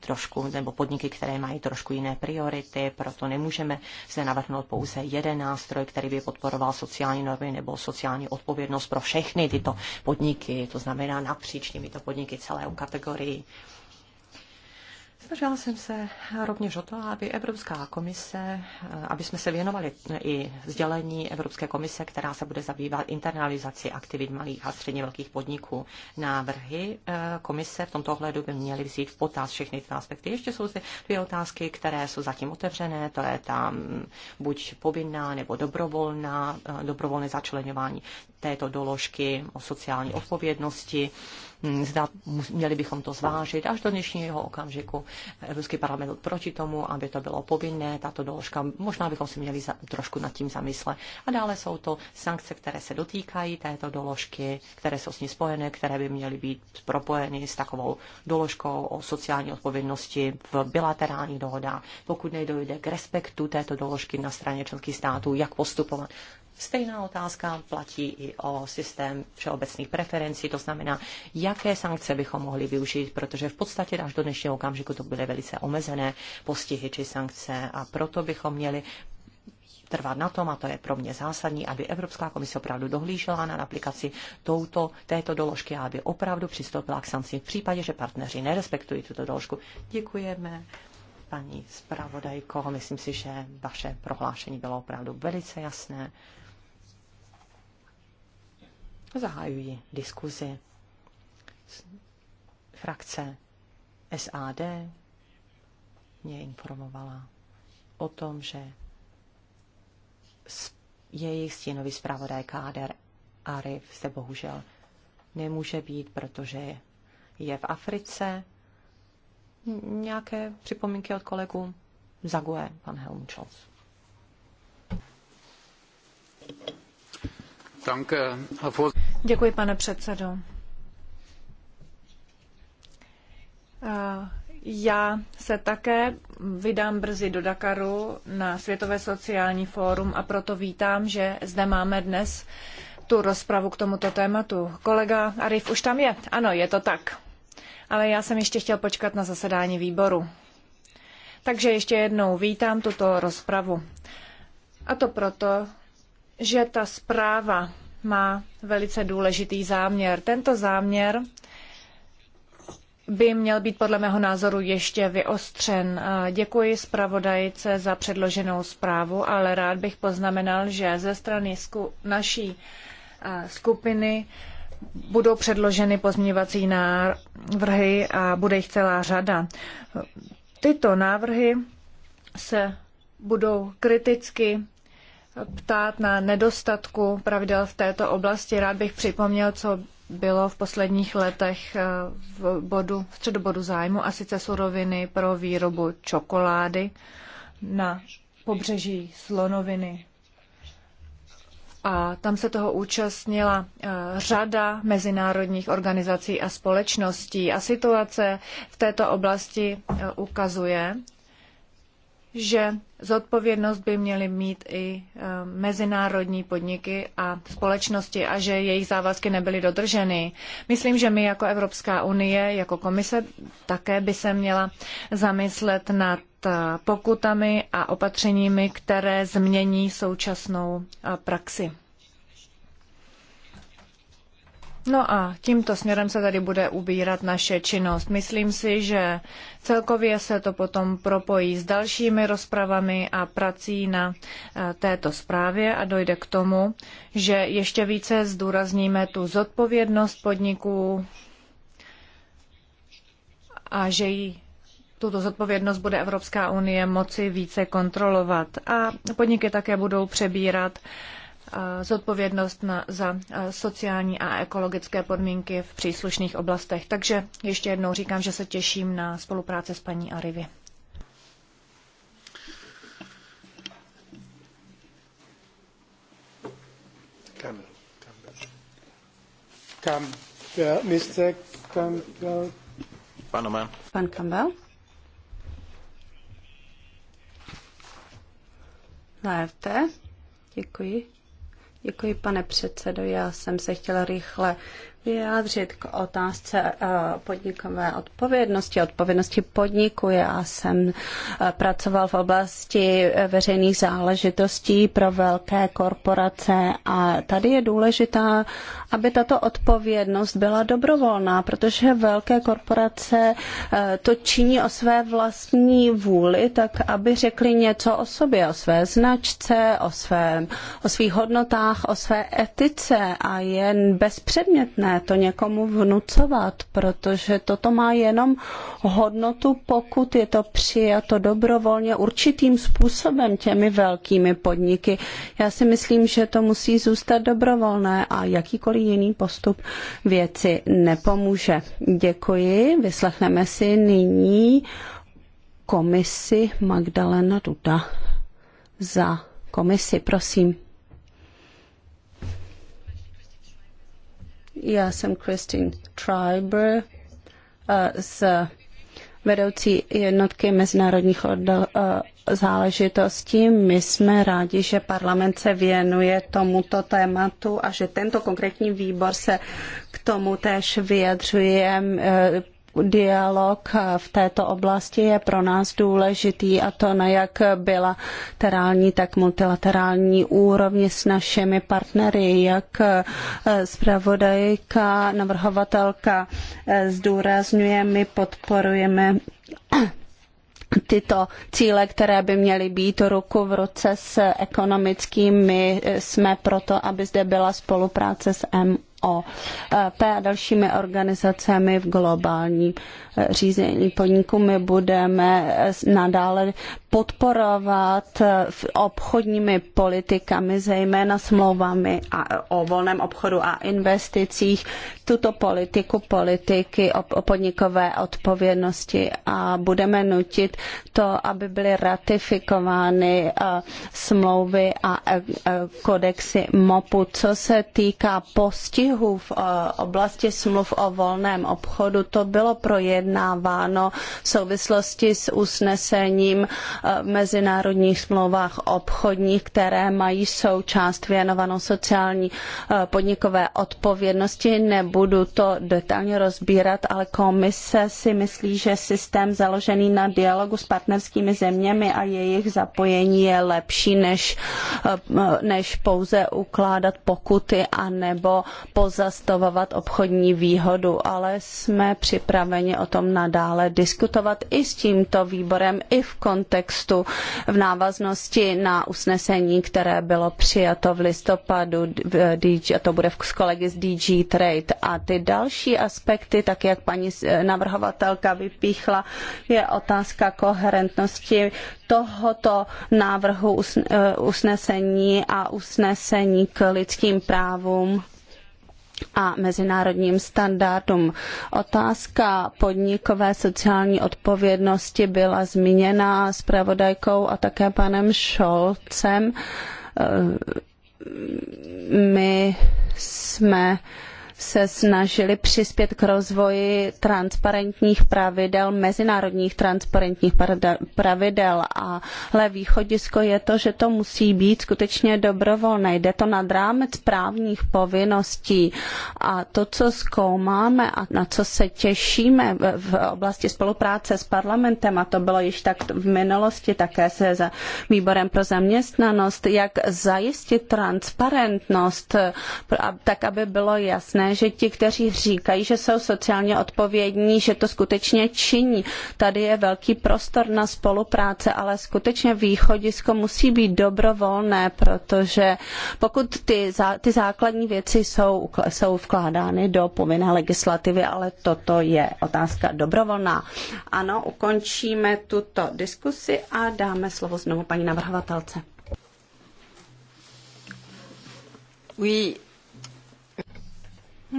trošku, nebo podniky, které mají trošku jiné priority, proto nemůžeme se navrhnout pouze jeden nástroj, který by podporoval sociální normy nebo sociální odpovědnost pro všechny tyto podniky, to znamená napříč těmito podniky celé kategorii Snažila jsem se rovněž o to, aby Evropská komise, aby jsme se věnovali i vzdělení Evropské komise, která se bude zabývat internalizací aktivit malých a středně velkých podniků. Návrhy eh, komise v tomto ohledu by měly vzít v potaz všechny ty aspekty. Ještě jsou zde dvě otázky, které jsou zatím otevřené. To je tam mm, buď povinná nebo dobrovolná, eh, dobrovolné začlenování této doložky o sociální odpovědnosti. Hmm, zda měli bychom to zvážit až do dnešního okamžiku. Evropský parlament proti tomu, aby to bylo povinné, tato doložka. Možná bychom si měli za, trošku nad tím zamyslet. A dále jsou to sankce, které se dotýkají této doložky, které jsou s ní spojené, které by měly být propojeny s takovou doložkou o sociální odpovědnosti v bilaterálních dohodách. Pokud nejdojde k respektu této doložky na straně členských států, jak postupovat Stejná otázka platí i o systém všeobecných preferencí, to znamená, jaké sankce bychom mohli využít, protože v podstatě až do dnešního okamžiku to byly velice omezené postihy či sankce a proto bychom měli trvat na tom, a to je pro mě zásadní, aby Evropská komise opravdu dohlížela na aplikaci touto, této doložky a aby opravdu přistoupila k sankcím v případě, že partneři nerespektují tuto doložku. Děkujeme paní zpravodajko, myslím si, že vaše prohlášení bylo opravdu velice jasné zahajují diskuzi. Frakce SAD mě informovala o tom, že jejich stěnový zpravodaj káder Arif se bohužel nemůže být, protože je v Africe. Nějaké připomínky od kolegů? Zague, pan Helmut you. Děkuji, pane předsedající Já se také vydám brzy do Dakaru na Světové sociální fórum a proto vítám, že zde máme dnes tu rozpravu k tomuto tématu. Kolega Arif už tam je. Ano, je to tak. Ale já jsem ještě chtěl počkat na zasedání výboru. Takže ještě jednou vítám tuto rozpravu. A to proto, že ta zpráva má velice důležitý záměr. Tento záměr by měl být podle mého názoru ještě vyostřen. Děkuji zpravodajce za předloženou zprávu, ale rád bych poznamenal, že ze strany naší skupiny budou předloženy pozměňovací návrhy a bude jich celá řada. Tyto návrhy se budou kriticky ptát na nedostatku pravidel v této oblasti. Rád bych připomněl, co bylo v posledních letech eh, v, bodu, v středobodu zájmu, a sice suroviny pro výrobu čokolády na pobřeží slonoviny. A tam se toho účastnila eh, řada mezinárodních organizací a společností. A situace v této oblasti eh, ukazuje, že zodpovědnost by měly mít i e, mezinárodní podniky a společnosti a že jejich závazky nebyly dodrženy. Myslím, že my jako Evropská unie, jako komise také by se měla zamyslet nad e, pokutami a opatřeními, které změní současnou e, praxi. No a tímto směrem se tady bude ubírat naše činnost. Myslím si, že celkově se to potom propojí s dalšími rozpravami a prací na e, této zprávě a dojde k tomu, že ještě více zdůrazníme tu zodpovědnost podniků a že ji tuto zodpovědnost bude Evropská unie moci více kontrolovat. A podniky také budou přebírat uh, zodpovědnost na, za sociální a ekologické podmínky v příslušných oblastech. Takže ještě jednou říkám, že se těším na spolupráci s paní Arivy. Mr. Campbell. Pan, Pan Campbell. Na Děkuji. Děkuji, pane předsedo. Já jsem se chtěla rychle vyjádřit k otázce eh, podnikové odpovědnosti, odpovědnosti podniku. Já jsem eh, pracoval v oblasti eh, veřejných záležitostí pro velké korporace a tady je důležitá, aby tato odpovědnost byla dobrovolná, protože velké korporace to činí o své vlastní vůli, tak aby řekli něco o sobě, o své značce, o, svém, o svých hodnotách, o své etice a jen bezpředmětné možné to někomu vnucovat, protože toto má jenom hodnotu, pokud je to přijato dobrovolně určitým způsobem těmi velkými podniky. Já si myslím, že to musí zůstat dobrovolné a jakýkoliv jiný postup věci nepomůže. Děkuji, vyslechneme si nyní komisi Magdalena Duda za komisi, prosím. Já jsem Christine Triber eh, z vedoucí jednotky mezinárodních eh, záležitostí. My jsme rádi, že parlament se věnuje tomuto tématu a že tento konkrétní výbor se k tomu též vyjadřuje eh, dialog eh, v této oblasti je pro nás důležitý a to na jak bilaterální, tak multilaterální úrovni s našimi partnery, jak eh, zpravodajka, navrhovatelka eh, zdůrazňuje, my podporujeme tyto cíle, které by měly být ruku v ruce s ekonomickými, jsme proto, aby zde byla spolupráce s MU P e, a dalšími organizacemi v globální e, řízení podniku. My budeme e, nadále podporovat obchodními politikami, zejména smlouvami a, o volném obchodu a investicích, tuto politiku, politiky o podnikové odpovědnosti a budeme nutit to, aby byly ratifikovány eh, smlouvy a eh, eh, kodexy MOPu. Co se týká postihů v oblasti smluv o volném obchodu, to bylo projednáváno v souvislosti s usnesením v eh, mezinárodních smlouvách obchodních, které mají součást věnovanou sociální eh, podnikové odpovědnosti. Nebudu to detailně rozbírat, ale komise si myslí, že systém založený na dialogu s partnerskými zeměmi a jejich zapojení je lepší, než, eh, než pouze ukládat pokuty a nebo pozastavovat obchodní výhodu, ale jsme připraveni o tom nadále diskutovat i s tímto výborem, i v kontextu textu v návaznosti na usnesení, které bylo přijato v listopadu, eh, a to bude s kolegy z DG Trade. A ty další aspekty, tak jak paní eh, navrhovatelka vypíchla, je otázka koherentnosti tohoto návrhu eh, usnesení a usnesení k lidským právům a mezinárodním standardům. Otázka podnikové sociální odpovědnosti byla zmíněna zpravodajkou a také panem Šolcem. Eh, my jsme se snažili přispět k rozvoji transparentních pravidel, mezinárodních transparentních pravidel, ale východisko je to, že to musí být skutečně dobrovolné. Jde to nad rámec právních povinností a to, co zkoumáme a na co se těšíme v oblasti spolupráce s parlamentem, a to bylo již tak v minulosti také se za výborem pro zaměstnanost, jak zajistit transparentnost, tak aby bylo jasné, že ti, kteří říkají, že jsou sociálně odpovědní, že to skutečně činí. Tady je velký prostor na spolupráce, ale skutečně východisko musí být dobrovolné, protože pokud ty, ty základní věci jsou, jsou vkládány do povinné legislativy, ale toto je otázka dobrovolná. Ano, ukončíme tuto diskusi a dáme slovo znovu paní navrhovatelce. Oui,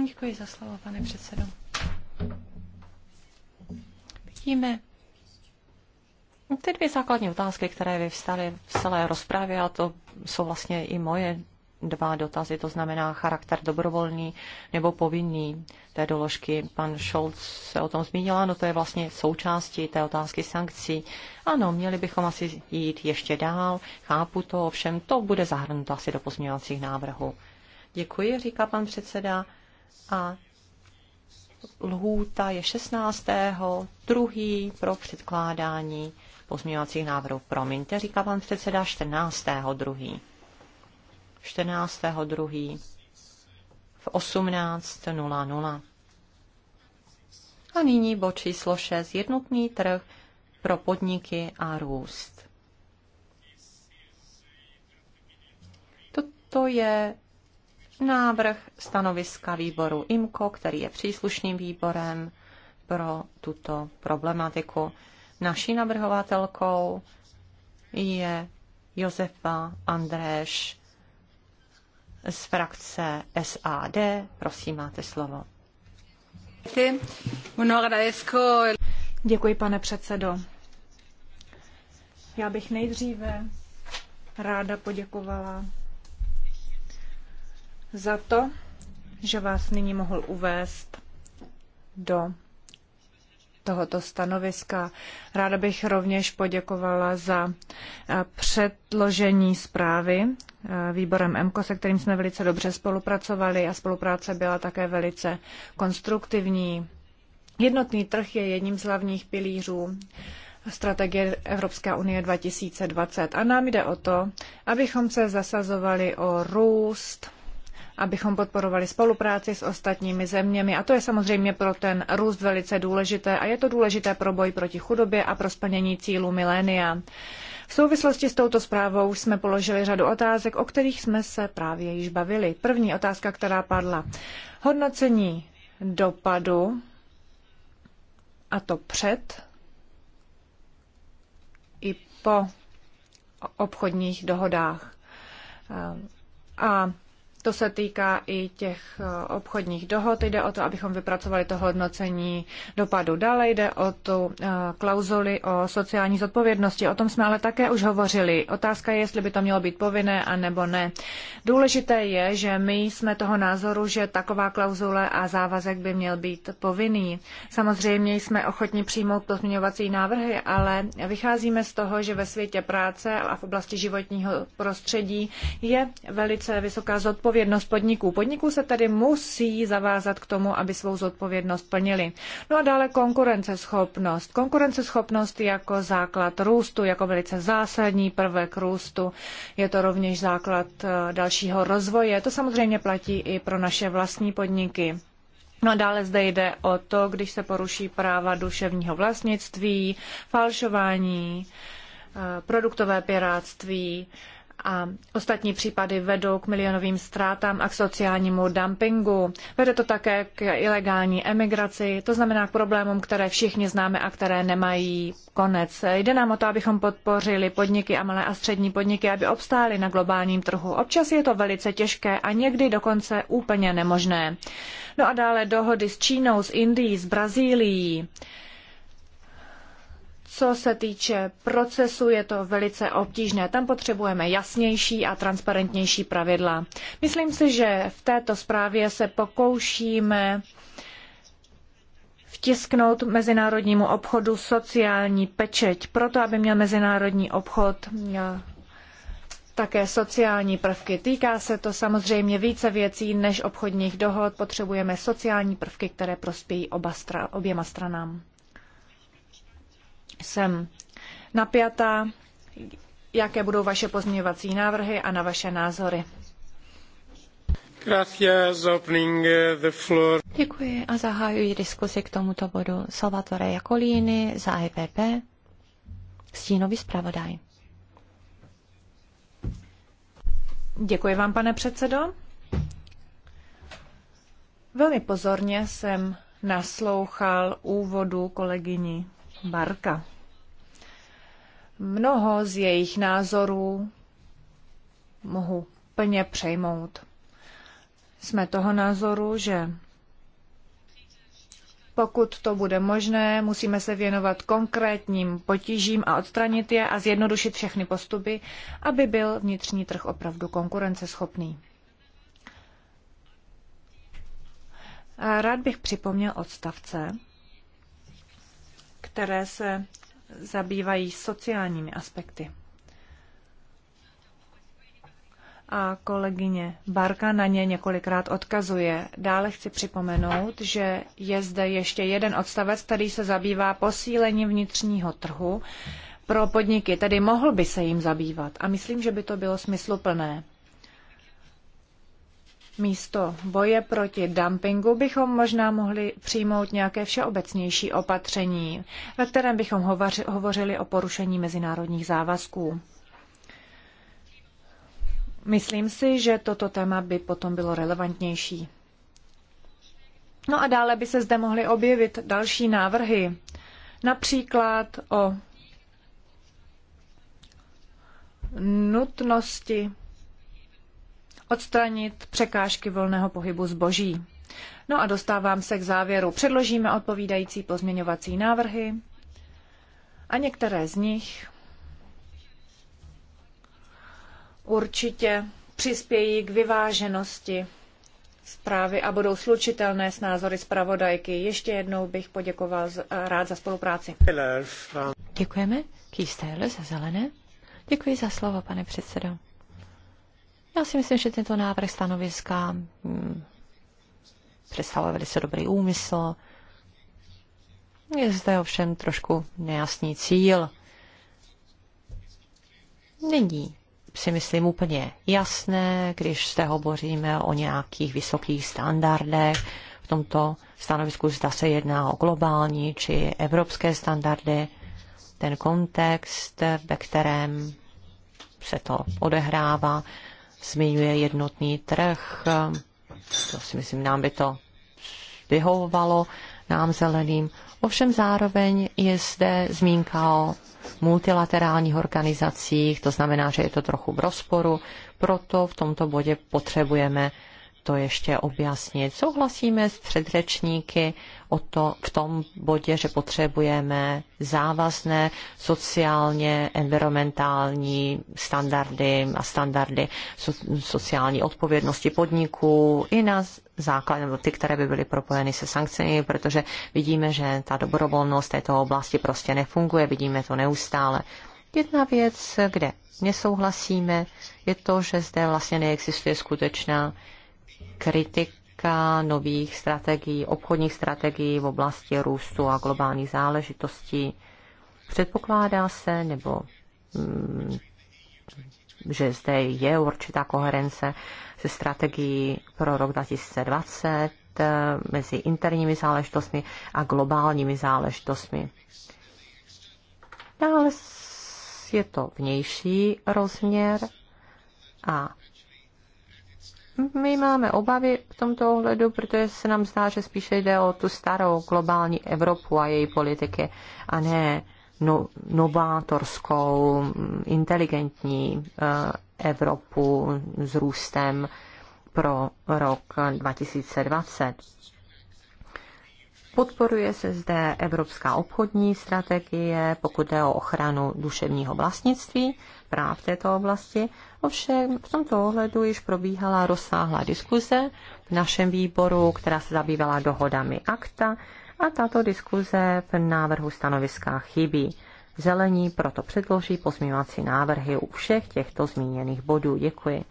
Děkuji za slovo, pane předsedo. Vidíme ty dvě základní otázky, které vyvstaly v celé rozpravě, a to jsou vlastně i moje dva dotazy, to znamená charakter dobrovolný nebo povinný té doložky. Pan Scholz se o tom zmínila, no to je vlastně součástí té otázky sankcí. Ano, měli bychom asi jít ještě dál, chápu to, ovšem to bude zahrnuto asi do pozměňovacích návrhů. Děkuji, říká pan předseda a lhůta je 16. druhý pro předkládání pozměňovacích návrhů. Promiňte, říká pan předseda 14. druhý. 14. druhý v 18.00. A nyní bod číslo 6. Jednotný trh pro podniky a růst. Toto je návrh stanoviska výboru IMCO, který je příslušným výborem pro tuto problematiku. Naší navrhovatelkou je Josefa Andréš z frakce SAD. Prosím, máte slovo. Děkuji, pane předsedo. Já bych nejdříve ráda poděkovala za to, že vás nyní mohl uvést do tohoto stanoviska. Ráda bych rovněž poděkovala za eh, předložení zprávy eh, výborem EMKO, se kterým jsme velice dobře spolupracovali a spolupráce byla také velice konstruktivní. Jednotný trh je jedním z hlavních pilířů strategie Evropská unie 2020 a nám jde o to, abychom se zasazovali o růst, abychom podporovali spolupráci s ostatními zeměmi. A to je samozřejmě pro ten růst velice důležité a je to důležité pro boj proti chudobě a pro splnění cílů milénia. V souvislosti s touto zprávou jsme položili řadu otázek, o kterých jsme se právě již bavili. První otázka, která padla. Hodnocení dopadu, a to před i po obchodních dohodách. A to se týká i těch eh, obchodních dohod. Jde o to, abychom vypracovali to hodnocení dopadu. Dále jde o tu eh, klauzuli o sociální zodpovědnosti. O tom jsme ale také už hovořili. Otázka je, jestli by to mělo být povinné a nebo ne. Důležité je, že my jsme toho názoru, že taková klauzule a závazek by měl být povinný. Samozřejmě jsme ochotni přijmout pozměňovací návrhy, ale vycházíme z toho, že ve světě práce a v oblasti životního prostředí je velice vysoká zodpovědnost zodpovědnost podniků. Podniků se tedy musí zavázat k tomu, aby svou zodpovědnost plnili. No a dále konkurenceschopnost. Konkurenceschopnost jako základ růstu, jako velice zásadní prvek růstu. Je to rovněž základ eh, dalšího rozvoje. To samozřejmě platí i pro naše vlastní podniky. No a dále zde jde o to, když se poruší práva duševního vlastnictví, falšování, eh, produktové pirátství, a ostatní případy vedou k milionovým ztrátám a k sociálnímu dumpingu. Vede to také k ilegální emigraci, to znamená k problémům, které všichni známe a které nemají konec. Jde nám o to, abychom podpořili podniky a malé a střední podniky, aby obstály na globálním trhu. Občas je to velice těžké a někdy dokonce úplně nemožné. No a dále dohody s Čínou, s Indií, s Brazílií. Co se týče procesu, je to velice obtížné. Tam potřebujeme jasnější a transparentnější pravidla. Myslím si, že v této zprávě se pokoušíme vtisknout mezinárodnímu obchodu sociální pečeť, proto aby měl mezinárodní obchod také sociální prvky. Týká se to samozřejmě více věcí než obchodních dohod. Potřebujeme sociální prvky, které prospějí oba stra- oběma stranám. Jsem napjatá, jaké budou vaše pozměňovací návrhy a na vaše názory. Eh, Děkuji a zahájuji diskusi k tomuto bodu. Salvatore Jakolíny za EPP, stínový zpravodaj. Děkuji vám, pane předsedo. Velmi pozorně jsem naslouchal úvodu kolegyni Barka. Mnoho z jejich názorů mohu plně přejmout. Jsme toho názoru, že pokud to bude možné, musíme se věnovat konkrétním potížím a odstranit je a zjednodušit všechny postupy, aby byl vnitřní trh opravdu konkurenceschopný. A rád bych připomněl odstavce, které se zabývají sociálními aspekty. A kolegyně Barka na ně několikrát odkazuje. Dále chci připomenout, že je zde ještě jeden odstavec, který se zabývá posílením vnitřního trhu pro podniky, tedy mohl by se jim zabývat. A myslím, že by to bylo smysluplné. Místo boje proti dumpingu bychom možná mohli přijmout nějaké všeobecnější opatření, ve kterém bychom hovořili o porušení mezinárodních závazků. Myslím si, že toto téma by potom bylo relevantnější. No a dále by se zde mohly objevit další návrhy, například o nutnosti odstranit překážky volného pohybu zboží. No a dostávám se k závěru. Předložíme odpovídající pozměňovací návrhy a některé z nich určitě přispějí k vyváženosti zprávy a budou slučitelné s názory zpravodajky. Ještě jednou bych poděkoval rád za spolupráci. Děkujeme. Kýstel za zelené. Děkuji za slovo, pane předsedo. Já si myslím, že tento návrh stanoviska hmm, představuje velice dobrý úmysl. Je zde ovšem trošku nejasný cíl. Není si myslím úplně jasné, když se hovoříme o nějakých vysokých standardech. V tomto stanovisku zda se jedná o globální či evropské standardy. Ten kontext, ve kterém se to odehrává, zmiňuje jednotný trh. To si myslím, nám by to vyhovovalo, nám zeleným. Ovšem zároveň je zde zmínka o multilaterálních organizacích, to znamená, že je to trochu v rozporu, proto v tomto bodě potřebujeme to ještě objasnit. Souhlasíme s předřečníky o to, v tom bodě, že potřebujeme závazné sociálně, environmentální standardy a standardy so, sociální odpovědnosti podniků i na základě, ty, které by byly propojeny se sankcemi, protože vidíme, že ta dobrovolnost této oblasti prostě nefunguje, vidíme to neustále. Jedna věc, kde nesouhlasíme, je to, že zde vlastně neexistuje skutečná kritika nových strategií, obchodních strategií v oblasti růstu a globálních záležitostí. Předpokládá se, nebo mm, že zde je určitá koherence se strategií pro rok 2020 eh, mezi interními záležitostmi a globálními záležitostmi. Dále je to vnější rozměr a my máme obavy v tomto ohledu, protože se nám zdá, že spíše jde o tu starou globální Evropu a její politiky, a ne no, novátorskou, inteligentní eh, Evropu s růstem pro rok 2020. Podporuje se zde evropská obchodní strategie, pokud jde o ochranu duševního vlastnictví práv v této oblasti. Ovšem v tomto ohledu již probíhala rozsáhlá diskuze v našem výboru, která se zabývala dohodami akta a tato diskuze v návrhu stanoviska chybí. Zelení proto předloží pozměňovací návrhy u všech těchto zmíněných bodů. Děkuji.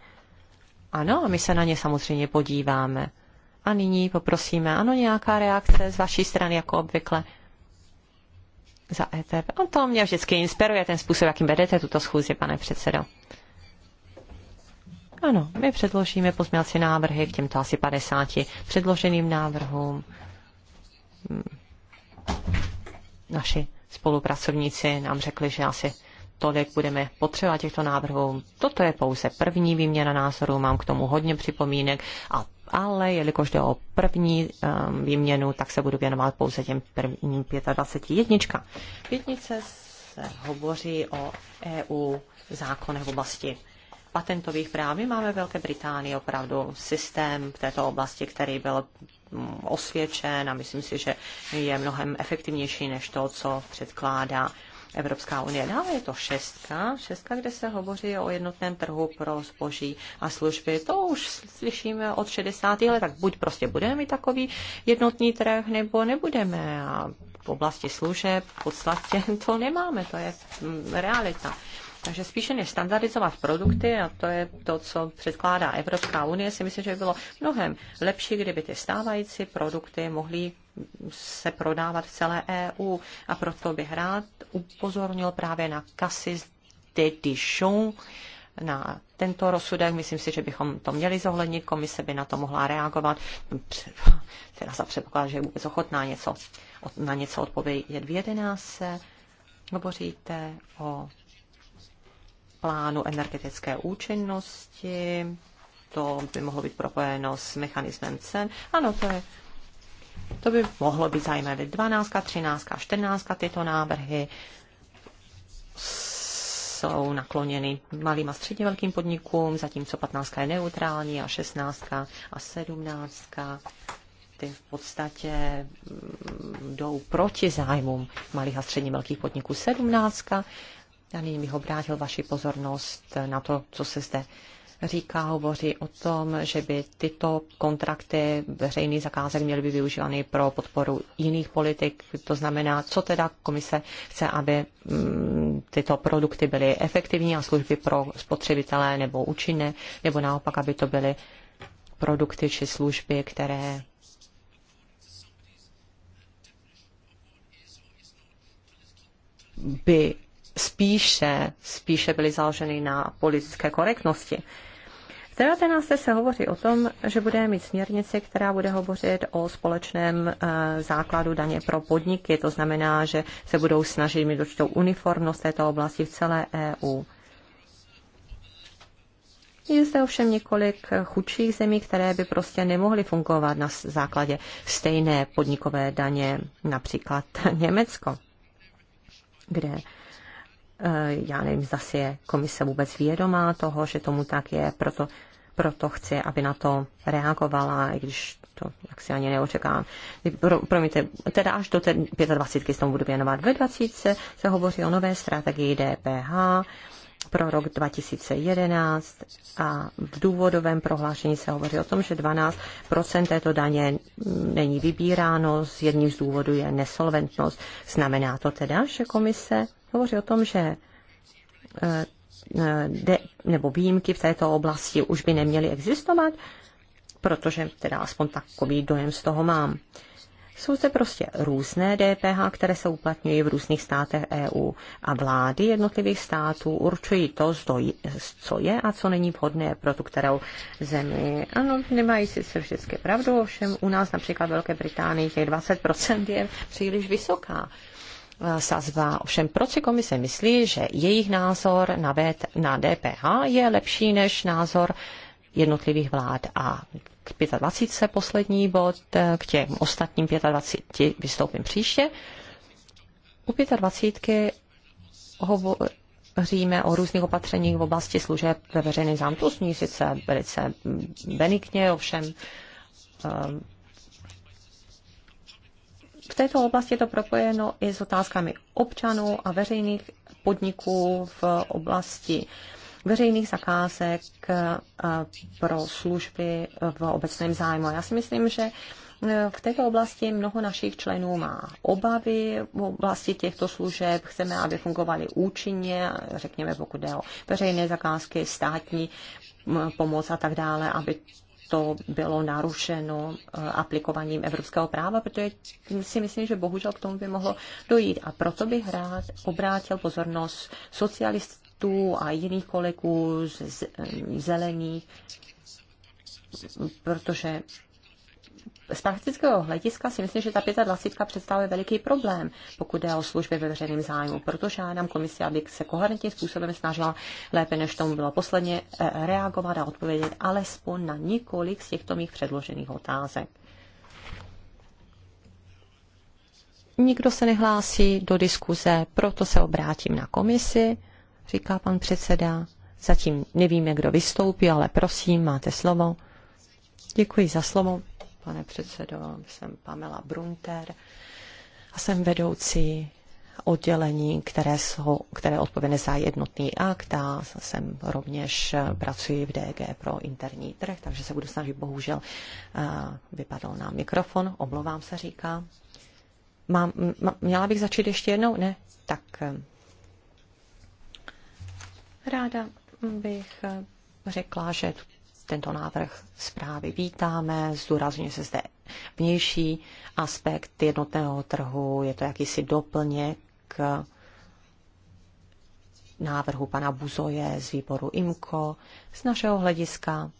Ano, my se na ně samozřejmě podíváme. A nyní poprosíme, ano, nějaká reakce z vaší strany, jako obvykle za ETF. On to mě vždycky inspiruje, ten způsob, jakým vedete tuto schůzi, pane předsedo. Ano, my předložíme pozměňovací návrhy k těmto asi 50 předloženým návrhům. Hmm. Naši spolupracovníci nám řekli, že asi tolik budeme potřebovat těchto návrhů. Toto je pouze první výměna názorů, mám k tomu hodně připomínek a ale jelikož jde o první um, výměnu, tak se budu věnovat pouze těm prvním 25. Jednička. V jednice se hovoří o EU zákonech v oblasti patentových práv. My máme v Velké Británii opravdu systém v této oblasti, který byl mm, osvědčen a myslím si, že je mnohem efektivnější než to, co předkládá Evropská unie. Dále je to šestka, šestka, kde se hovoří o jednotném trhu pro zboží a služby. To už slyšíme od 60. let, tak buď prostě budeme mít takový jednotný trh, nebo nebudeme. A v oblasti služeb v podstatě to nemáme, to je mm, realita. Takže spíše než standardizovat produkty, a to je to, co předkládá Evropská unie, si myslím, že by bylo mnohem lepší, kdyby ty stávající produkty mohly se prodávat v celé EU. A proto bych rád upozornil právě na Cassis de Dijon, na tento rozsudek. Myslím si, že bychom to měli zohlednit, komise by na to mohla reagovat. Teda za předpoklad, že je vůbec ochotná něco, na něco odpovědět. V 11 hovoříte o plánu energetické účinnosti, to by mohlo být propojeno s mechanismem cen. Ano, to je to by mohlo být zajímavé. 12, 13, 14 tyto návrhy jsou nakloněny malým a středně velkým podnikům, zatímco 15 je neutrální a 16 a 17 ty v podstatě mm, jdou proti zájmům malých a středně velkých podniků 17. A nyní bych obrátil vaši pozornost na to, co se zde říká, hovoří o tom, že by tyto kontrakty veřejných zakázek měly být využívány pro podporu jiných politik. To znamená, co teda komise chce, aby mm, tyto produkty byly efektivní a služby pro spotřebitele nebo účinné, nebo naopak, aby to byly produkty či služby, které by spíše, spíše byly založeny na politické korektnosti v 19. se hovoří o tom, že budeme mít směrnici, která bude hovořit o společném eh, základu daně pro podniky. To znamená, že se budou snažit mít určitou uniformnost této oblasti v celé EU. Je zde ovšem několik chudších zemí, které by prostě nemohly fungovat na základě stejné podnikové daně, například Německo, kde Eh, já nevím, zda si je komise vůbec vědomá toho, že tomu tak je, proto, proto chci, aby na to reagovala, i když to jak si ani neočekám. Pro, promiňte, teda až do 25. se tomu budu věnovat. Ve 20. se hovoří o nové strategii DPH pro rok 2011 a v důvodovém prohlášení se hovoří o tom, že 12 této daně není vybíráno, z jedním z důvodů je nesolventnost. Znamená to teda, že komise hovoří o tom, že eh, eh, de, nebo výjimky v této oblasti už by neměly existovat, protože teda aspoň takový dojem z toho mám. Jsou zde prostě různé DPH, které se uplatňují v různých státech EU a vlády jednotlivých států určují to, co je a co není vhodné pro tu kterou zemi. Ano, nemají se vždycky pravdu, ovšem u nás například v Velké Británii těch 20% je příliš vysoká sazba. Ovšem, proč si komise myslí, že jejich názor na, VT, na DPH je lepší než názor jednotlivých vlád a k 25. poslední bod, k těm ostatním 25 vystoupím příště. U 25 hovoříme o různých opatřeních v oblasti služeb ve veřejném zámku, To sice velice benikně, ovšem ehm, v této oblasti je to propojeno i s otázkami občanů a veřejných podniků v oblasti veřejných zakázek eh, pro služby v obecném zájmu. Já si myslím, že eh, v této oblasti mnoho našich členů má obavy v oblasti těchto služeb. Chceme, aby fungovaly účinně, řekněme, pokud jde o veřejné zakázky, státní eh, pomoc a tak dále, aby to bylo narušeno eh, aplikovaním evropského práva, protože si myslím, že bohužel k tomu by mohlo dojít. A proto bych rád obrátil pozornost socialistů a jiných kolegů z eh, zelených, protože z praktického hlediska si myslím, že ta 25 představuje veliký problém, pokud jde o služby ve veřejném zájmu, protože já nám komisi, aby se koherentním způsobem snažila lépe, než tomu bylo posledně, eh, reagovat a odpovědět alespoň na několik z těchto mých předložených otázek. Nikdo se nehlásí do diskuze, proto se obrátím na komisi, říká pan předseda. Zatím nevíme, kdo vystoupí, ale prosím, máte slovo. Děkuji za slovo pane předsedo. Jsem Pamela Brunter a jsem vedoucí oddělení, které, jsou, které odpovědné za jednotný akt a jsem rovněž eh, pracuji v DG pro interní trh, takže se budu snažit, bohužel eh, vypadl nám mikrofon, omlouvám se, říká. Mám, měla bych začít ještě jednou? Ne? Tak eh, ráda bych řekla, že tento návrh zprávy vítáme, zdůrazňuje se zde vnější aspekt jednotného trhu, je to jakýsi doplněk návrhu pana Buzoje z výboru IMCO. Z našeho hlediska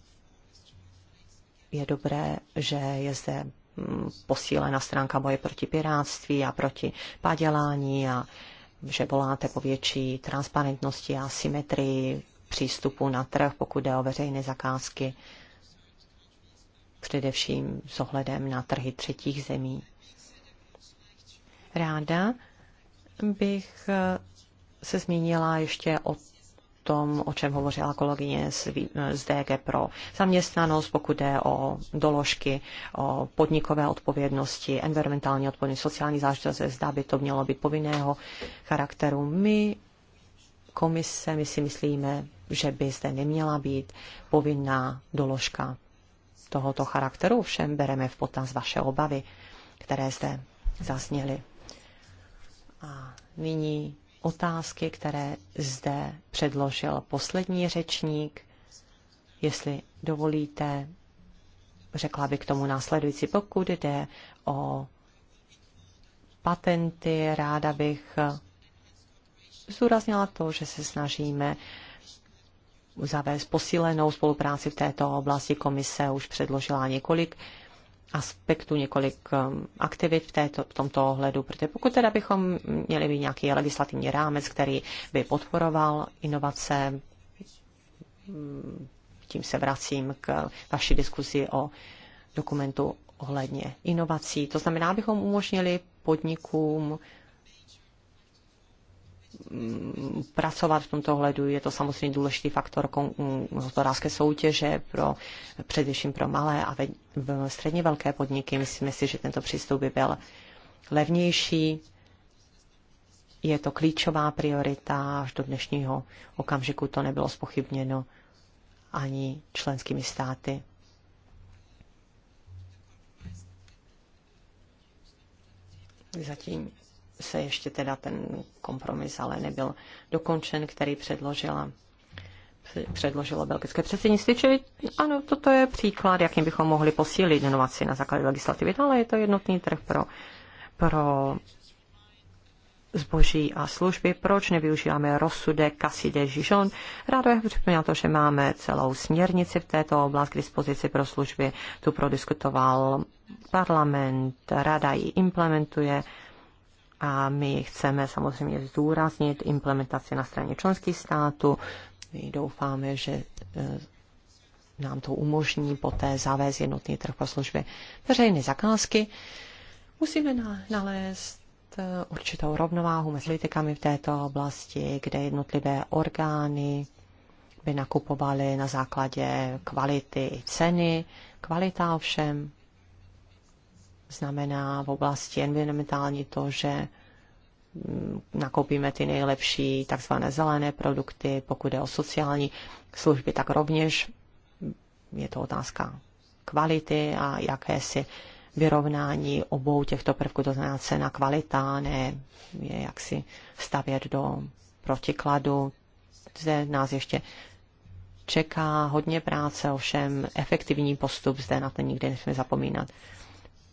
je dobré, že je zde mm, posílena stránka boje proti piráctví a proti padělání a že voláte po větší transparentnosti a symetrii přístupu na trh, pokud jde o veřejné zakázky, především s ohledem na trhy třetích zemí. Ráda bych eh, se zmínila ještě o tom, o čem hovořila kolegyně z eh, DG pro zaměstnanost, pokud jde o doložky o podnikové odpovědnosti, environmentální odpovědnosti, sociální záležitosti, zda by to mělo být povinného charakteru. My komise, my si myslíme, že by zde neměla být povinná doložka tohoto charakteru. Všem bereme v potaz vaše obavy, které zde zasněly. A nyní otázky, které zde předložil poslední řečník. Jestli dovolíte, řekla bych k tomu následující. Pokud jde o patenty, ráda bych zúraznila to, že se snažíme zavést posílenou spolupráci v této oblasti. Komise už předložila několik aspektů, několik um, aktivit v, této, v tomto ohledu, protože pokud teda bychom měli být nějaký legislativní rámec, který by podporoval inovace, mm, tím se vracím k vaší diskuzi o dokumentu ohledně inovací. To znamená, abychom umožnili podnikům Mm, pracovat v tomto ohledu. Je to samozřejmě důležitý faktor mm, hospodářské soutěže pro, především pro malé a ve, v středně velké podniky. Myslíme si, že tento přístup by byl levnější. Je to klíčová priorita. Až do dnešního okamžiku to nebylo spochybněno ani členskými státy. Zatím se ještě teda ten kompromis ale nebyl dokončen, který předložila předložilo belgické předsednictví, čili ano, toto je příklad, jakým bychom mohli posílit inovaci na základě legislativy, ale je to jednotný trh pro, pro zboží a služby, proč nevyužíváme rozsudek Casi de Gijon. Ráda bych připomněl to, že máme celou směrnici v této oblasti k dispozici pro služby. Tu prodiskutoval parlament, rada ji implementuje a my chceme samozřejmě zdůraznit implementaci na straně členských států. My doufáme, že e, nám to umožní poté zavést jednotný trh pro služby veřejné zakázky. Musíme nalézt e, určitou rovnováhu mezi politikami v této oblasti, kde jednotlivé orgány by nakupovaly na základě kvality ceny. Kvalita ovšem znamená v oblasti environmentální to, že mm, nakoupíme ty nejlepší takzvané zelené produkty, pokud je o sociální služby, tak rovněž je to otázka kvality a jakési vyrovnání obou těchto prvků, to znamená cena, kvalita, ne je jaksi stavět do protikladu. Zde nás ještě čeká hodně práce, ovšem efektivní postup zde na to nikdy nesmíme zapomínat.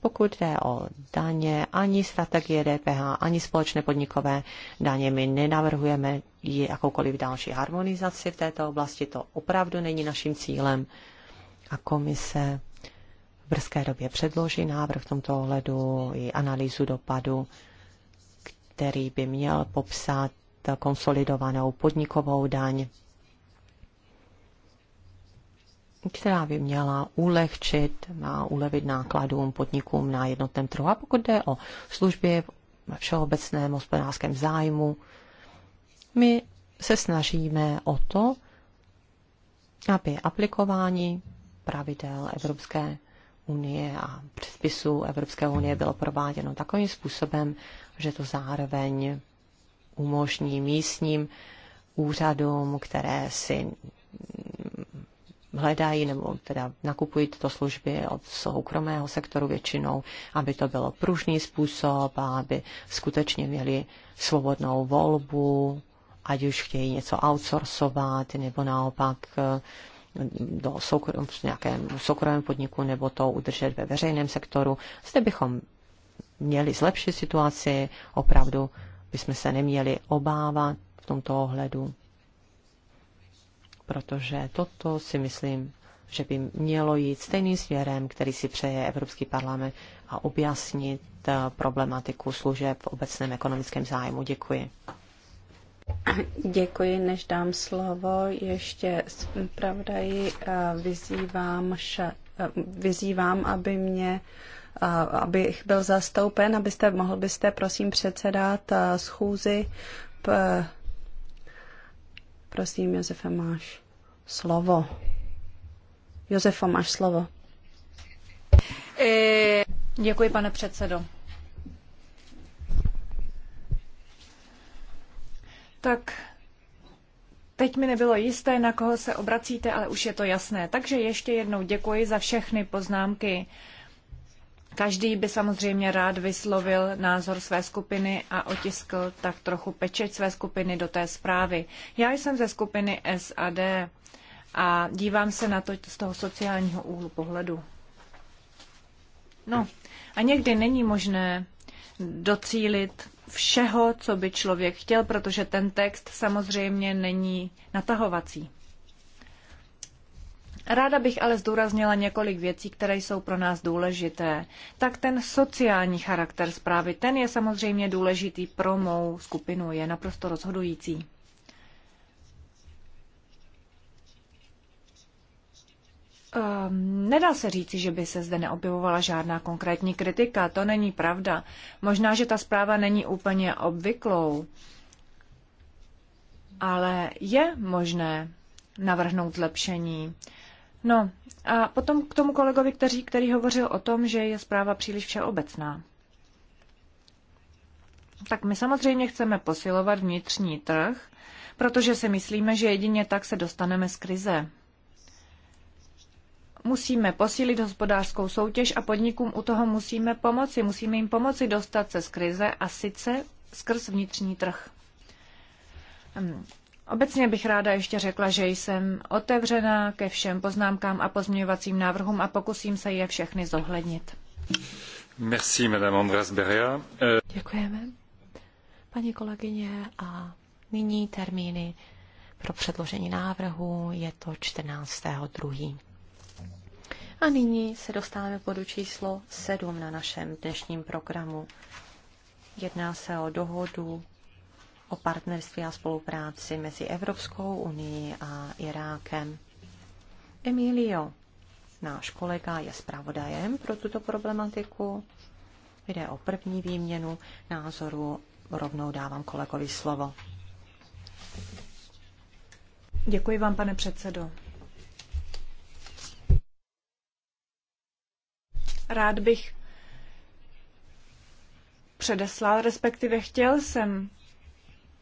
Pokud jde o daně, ani strategie DPH, ani společné podnikové daně, my nenavrhujeme jakoukoliv další harmonizaci v této oblasti, to opravdu není naším cílem. A komise v brzké době předloží návrh v tomto ohledu i analýzu dopadu, který by měl popsat konsolidovanou podnikovou daň která by měla ulehčit a ulevit nákladům podnikům na jednotném trhu. A pokud jde o služby ve všeobecném hospodářském zájmu, my se snažíme o to, aby aplikování pravidel Evropské unie a předpisů Evropské unie bylo prováděno takovým způsobem, že to zároveň umožní místním úřadům, které si hledají nebo teda nakupují tyto služby od soukromého sektoru většinou, aby to bylo pružný způsob a aby skutečně měli svobodnou volbu, ať už chtějí něco outsourcovat nebo naopak eh, do soukrom, nějakém soukromém podniku nebo to udržet ve veřejném sektoru. Zde bychom měli zlepšit situaci, opravdu bychom se neměli obávat v tomto ohledu protože toto si myslím, že by mělo jít stejným směrem, který si přeje Evropský parlament a objasnit eh, problematiku služeb v obecném ekonomickém zájmu. Děkuji. Děkuji, než dám slovo. Ještě zpravodaji eh, vyzývám, eh, vyzývám, aby mě abych byl zastoupen, abyste mohl byste prosím předsedat schůzi Prosím, Josefe, máš slovo. Josefa, máš slovo. Eh, děkuji, pane předsedo. Tak teď mi nebylo jisté, na koho se obracíte, ale už je to jasné. Takže ještě jednou děkuji za všechny poznámky. Každý by samozřejmě rád vyslovil názor své skupiny a otiskl tak trochu pečeť své skupiny do té zprávy. Já jsem ze skupiny SAD a dívám se na to z toho sociálního úhlu pohledu. No, a někdy není možné docílit všeho, co by člověk chtěl, protože ten text samozřejmě není natahovací. Ráda bych ale zdůraznila několik věcí, které jsou pro nás důležité. Tak ten sociální charakter zprávy, ten je samozřejmě důležitý pro mou skupinu, je naprosto rozhodující. Um, nedá se říci, že by se zde neobjevovala žádná konkrétní kritika, to není pravda. Možná, že ta zpráva není úplně obvyklou, ale je možné navrhnout zlepšení. No a potom k tomu kolegovi, který, který hovořil o tom, že je zpráva příliš všeobecná. Tak my samozřejmě chceme posilovat vnitřní trh, protože si myslíme, že jedině tak se dostaneme z krize. Musíme posílit hospodářskou soutěž a podnikům u toho musíme pomoci. Musíme jim pomoci dostat se z krize a sice skrz vnitřní trh. Obecně bych ráda ještě řekla, že jsem otevřená ke všem poznámkám a pozměňovacím návrhům a pokusím se je všechny zohlednit. Merci, Madame Andras Beria. Eh, Děkujeme, paní kolegyně. A nyní termíny pro předložení návrhu je to 14.2. A nyní se dostáváme bodu číslo 7 na našem dnešním programu. Jedná se o dohodu o partnerství a spolupráci mezi Evropskou unii a Irákem. Emilio, náš kolega, je zpravodajem pro tuto problematiku. Jde o první výměnu názoru. Rovnou dávám kolegovi slovo. Děkuji vám, pane předsedo. Rád bych předeslal, respektive chtěl jsem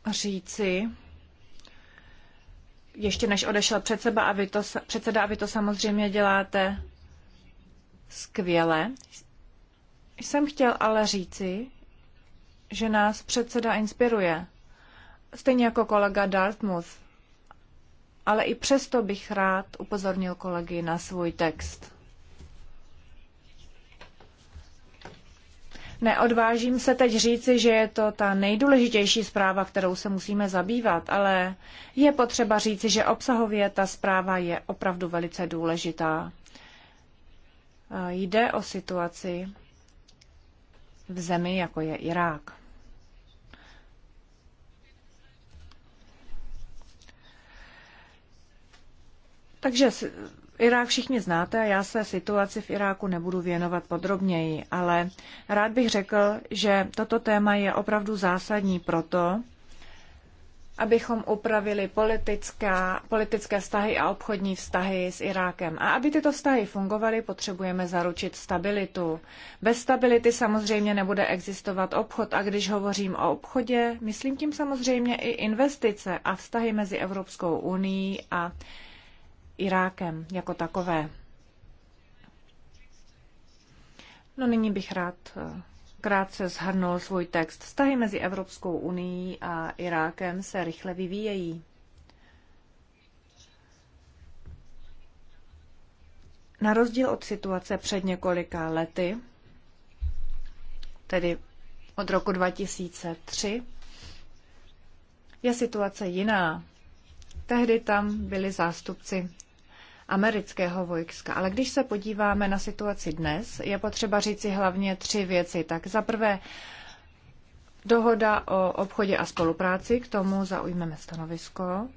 říci, ještě než odešel před seba a vy to, předseda, a vy to samozřejmě děláte skvěle. Jsem chtěl ale říci, že nás předseda inspiruje, stejně jako kolega Dartmouth. Ale i přesto bych rád upozornil kolegy na svůj text. Neodvážím se teď říci, že je to ta nejdůležitější zpráva, kterou se musíme zabývat, ale je potřeba říci, že obsahově ta zpráva je opravdu velice důležitá. Jde o situaci v zemi, jako je Irák. Takže Irák všichni znáte a já se situaci v Iráku nebudu věnovat podrobněji, ale rád bych řekl, že toto téma je opravdu zásadní proto, abychom upravili politická, politické vztahy a obchodní vztahy s Irákem. A aby tyto vztahy fungovaly, potřebujeme zaručit stabilitu. Bez stability samozřejmě nebude existovat obchod a když hovořím o obchodě, myslím tím samozřejmě i investice a vztahy mezi Evropskou unii a Irákem jako takové. No nyní bych rád eh, krátce zhrnul svůj text. Vztahy mezi Evropskou unii a Irákem se rychle vyvíjejí. Na rozdíl od situace před několika lety, tedy od roku 2003, je situace jiná. Tehdy tam byli zástupci amerického vojska. Ale když se podíváme na situaci dnes, je potřeba říci hlavně tři věci. Tak za prvé, dohoda o obchodě a spolupráci, k tomu zaujmeme stanovisko.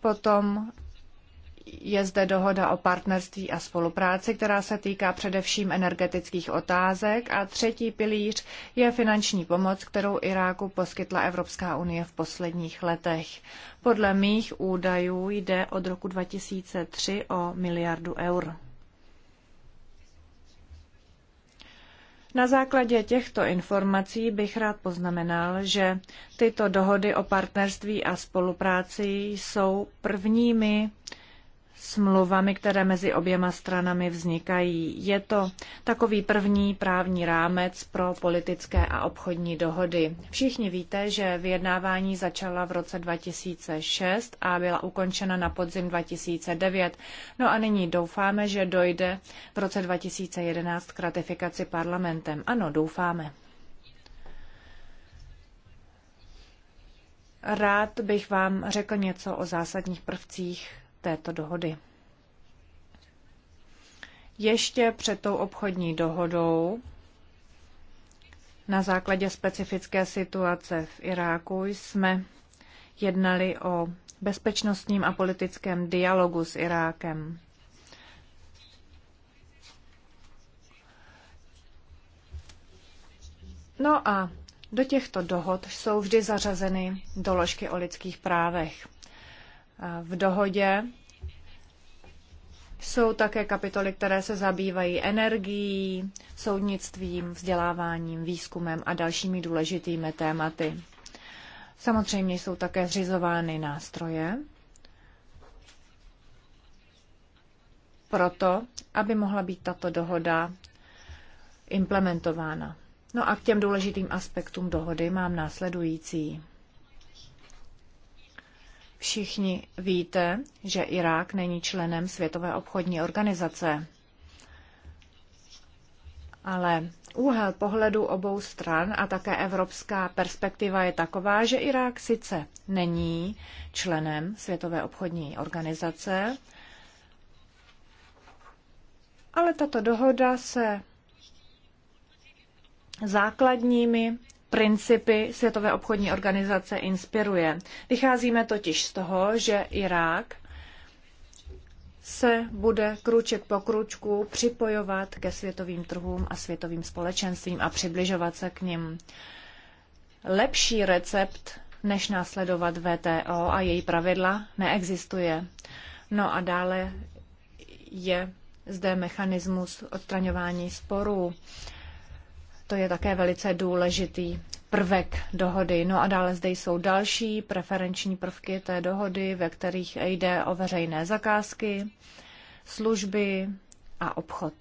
Potom je zde dohoda o partnerství a spolupráci, která se týká především energetických otázek a třetí pilíř je finanční pomoc, kterou Iráku poskytla Evropská unie v posledních letech. Podle mých údajů jde od roku 2003 o miliardu eur. Na základě těchto informací bych rád poznamenal, že tyto dohody o partnerství a spolupráci jsou prvními smlouvami, které mezi oběma stranami vznikají. Je to takový první právní rámec pro politické a obchodní dohody. Všichni víte, že vyjednávání začala v roce 2006 a byla ukončena na podzim 2009. No a nyní doufáme, že dojde v roce 2011 k ratifikaci parlamentem. Ano, doufáme. Rád bych vám řekl něco o zásadních prvcích této dohody. Ještě před tou obchodní dohodou na základě specifické situace v Iráku jsme jednali o bezpečnostním a politickém dialogu s Irákem. No a do těchto dohod jsou vždy zařazeny doložky o lidských právech v dohodě. Jsou také kapitoly, které se zabývají energií, soudnictvím, vzděláváním, výzkumem a dalšími důležitými tématy. Samozřejmě jsou také zřizovány nástroje proto, aby mohla být tato dohoda implementována. No a k těm důležitým aspektům dohody mám následující. Všichni víte, že Irák není členem Světové obchodní organizace. Ale úhel pohledu obou stran a také evropská perspektiva je taková, že Irák sice není členem Světové obchodní organizace, ale tato dohoda se základními principy Světové obchodní organizace inspiruje. Vycházíme totiž z toho, že Irák se bude kruček po kručku připojovat ke světovým trhům a světovým společenstvím a přibližovat se k ním. Lepší recept, než následovat VTO a její pravidla, neexistuje. No a dále je zde mechanismus odstraňování sporů. To je také velice důležitý prvek dohody. No a dále zde jsou další preferenční prvky té dohody, ve kterých jde o veřejné zakázky, služby a obchod.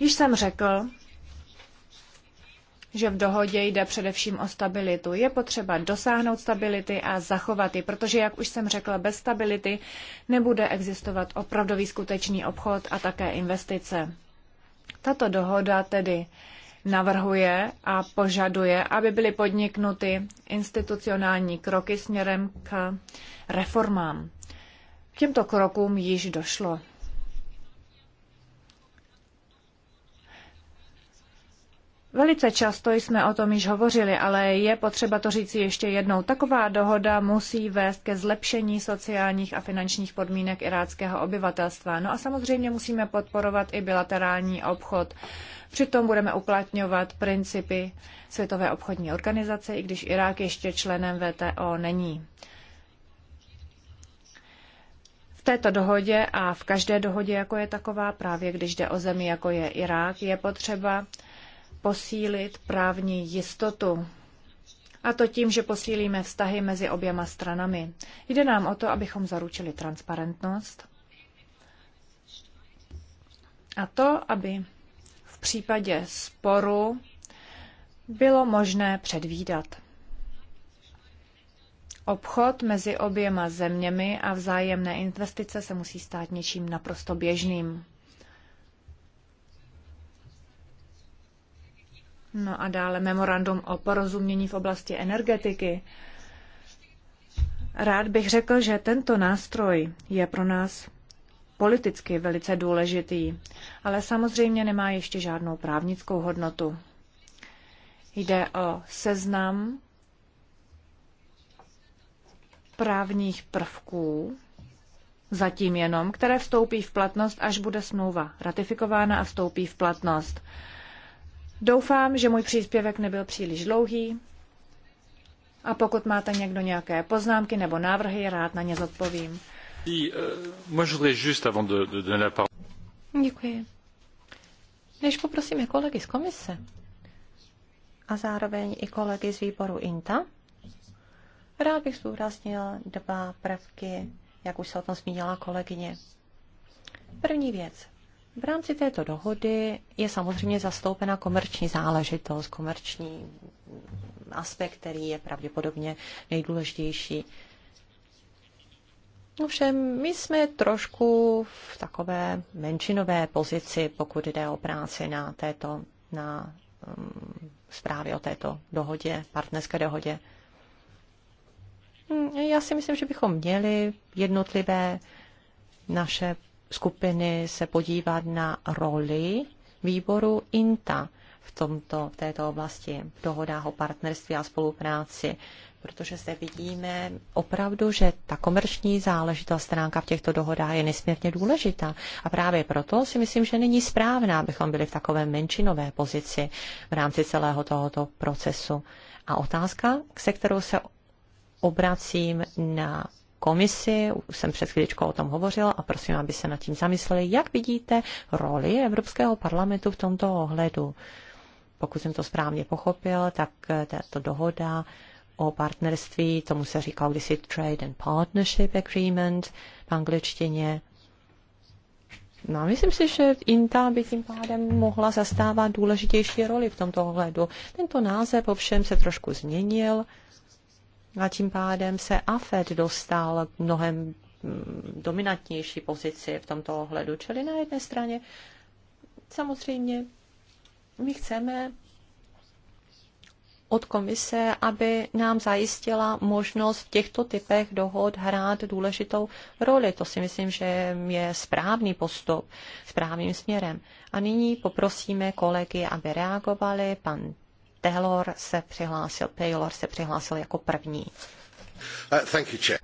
Již jsem řekl, že v dohodě jde především o stabilitu. Je potřeba dosáhnout stability a zachovat ji, protože, jak už jsem řekla, bez stability nebude existovat opravdový skutečný obchod a také investice. Tato dohoda tedy navrhuje a požaduje, aby byly podniknuty institucionální kroky směrem k reformám. K těmto krokům již došlo. Velice často jsme o tom již hovořili, ale je potřeba to říci ještě jednou. Taková dohoda musí vést ke zlepšení sociálních a finančních podmínek iráckého obyvatelstva. No a samozřejmě musíme podporovat i bilaterální obchod. Přitom budeme uplatňovat principy Světové obchodní organizace, i když Irák ještě členem VTO není. V této dohodě a v každé dohodě, jako je taková, právě když jde o zemi, jako je Irák, je potřeba posílit právní jistotu. A to tím, že posílíme vztahy mezi oběma stranami. Jde nám o to, abychom zaručili transparentnost a to, aby v případě sporu bylo možné předvídat. Obchod mezi oběma zeměmi a vzájemné investice se musí stát něčím naprosto běžným. No a dále memorandum o porozumění v oblasti energetiky. Rád bych řekl, že tento nástroj je pro nás politicky velice důležitý, ale samozřejmě nemá ještě žádnou právnickou hodnotu. Jde o seznam právních prvků, zatím jenom, které vstoupí v platnost, až bude smlouva ratifikována a vstoupí v platnost. Doufám, že můj příspěvek nebyl příliš dlouhý a pokud máte někdo nějaké poznámky nebo návrhy, rád na ně zodpovím. Eh, Děkuji. Než poprosíme kolegy z komise a zároveň i kolegy z výboru INTA, rád bych zdůraznil dva prvky, jak už se o tom zmínila kolegyně. První věc. V rámci této dohody je samozřejmě zastoupena komerční záležitost, komerční aspekt, který je pravděpodobně nejdůležitější. Ovšem, my jsme trošku v takové menšinové pozici, pokud jde o práci na této, na um, zprávě o této dohodě, partnerské dohodě. Mm, já si myslím, že bychom měli jednotlivé naše skupiny se podívat na roli výboru INTA v, tomto, v této oblasti, dohodách o partnerství a spolupráci, protože zde vidíme opravdu, že ta komerční záležitost stránka v těchto dohodách je nesmírně důležitá. A právě proto si myslím, že není správná, abychom byli v takové menšinové pozici v rámci celého tohoto procesu. A otázka, se kterou se obracím na komisi, už jsem před chvíličkou o tom hovořila a prosím, aby se nad tím zamysleli, jak vidíte roli Evropského parlamentu v tomto ohledu. Pokud jsem to správně pochopil, tak eh, tato dohoda o partnerství, tomu se říká kdysi Trade and Partnership Agreement v angličtině. No a myslím si, že INTA by tím pádem mohla zastávat důležitější roli v tomto ohledu. Tento název ovšem se trošku změnil a tím pádem se AFED dostal k mnohem mm, dominantnější pozici v tomto ohledu. Čili na jedné straně samozřejmě my chceme od komise, aby nám zajistila možnost v těchto typech dohod hrát důležitou roli. To si myslím, že je správný postup, správným směrem. A nyní poprosíme kolegy, aby reagovali. Pan Taylor se přihlásil, Taylor se přihlásil jako první. Uh, thank you, chair.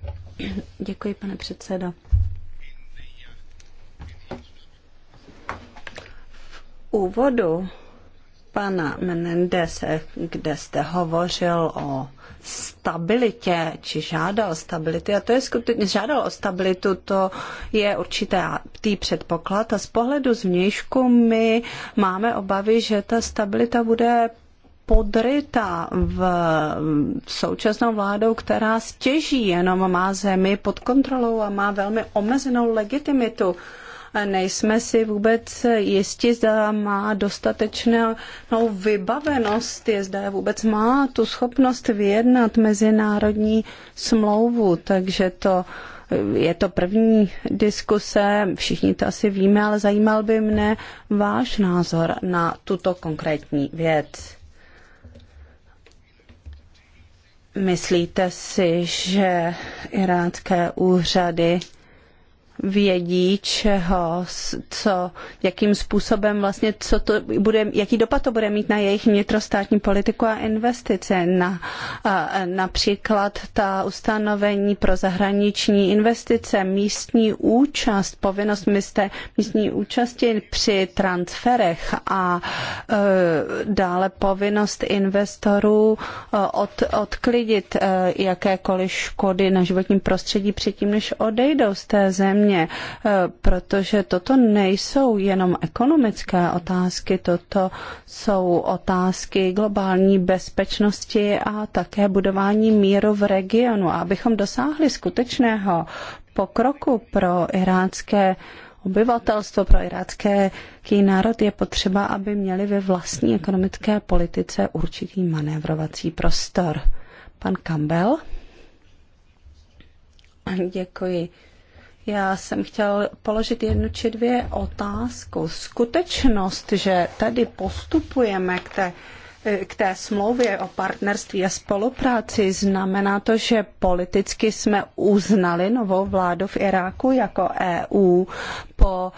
Děkuji, pane předsedo. úvodu pana Menendez, kde jste hovořil o stabilitě, či žádal stability, a to je skutečně, žádal o stabilitu, to je určitý tý předpoklad a z pohledu zvnějšku my máme obavy, že ta stabilita bude podryta v současnou vládou, která stěží jenom má zemi pod kontrolou a má velmi omezenou legitimitu nejsme si vůbec jistí, zda má dostatečnou vybavenost, je zda vůbec má tu schopnost vyjednat mezinárodní smlouvu, takže to je to první diskuse, všichni to asi víme, ale zajímal by mne váš názor na tuto konkrétní věc. Myslíte si, že iránské úřady vědí, čeho, co, jakým způsobem vlastně, co to bude, jaký dopad to bude mít na jejich vnitrostátní politiku a investice. Na, a, například ta ustanovení pro zahraniční investice, místní účast, povinnost místě, místní účasti při transferech a e, dále povinnost investorů e, od, odklidit e, jakékoliv škody na životním prostředí předtím, než odejdou z té země země, eh, protože toto nejsou jenom ekonomické otázky, toto jsou otázky globální bezpečnosti a také budování míru v regionu. A abychom dosáhli skutečného pokroku pro irácké obyvatelstvo, pro irácký národ je potřeba, aby měli ve vlastní ekonomické politice určitý manévrovací prostor. Pan Campbell. Děkuji. Já jsem chtěl položit jednu či dvě otázku. Skutečnost, že tady postupujeme k té k té smlouvě o partnerství a spolupráci znamená to, že politicky jsme uznali novou vládu v Iráku jako EU eh, po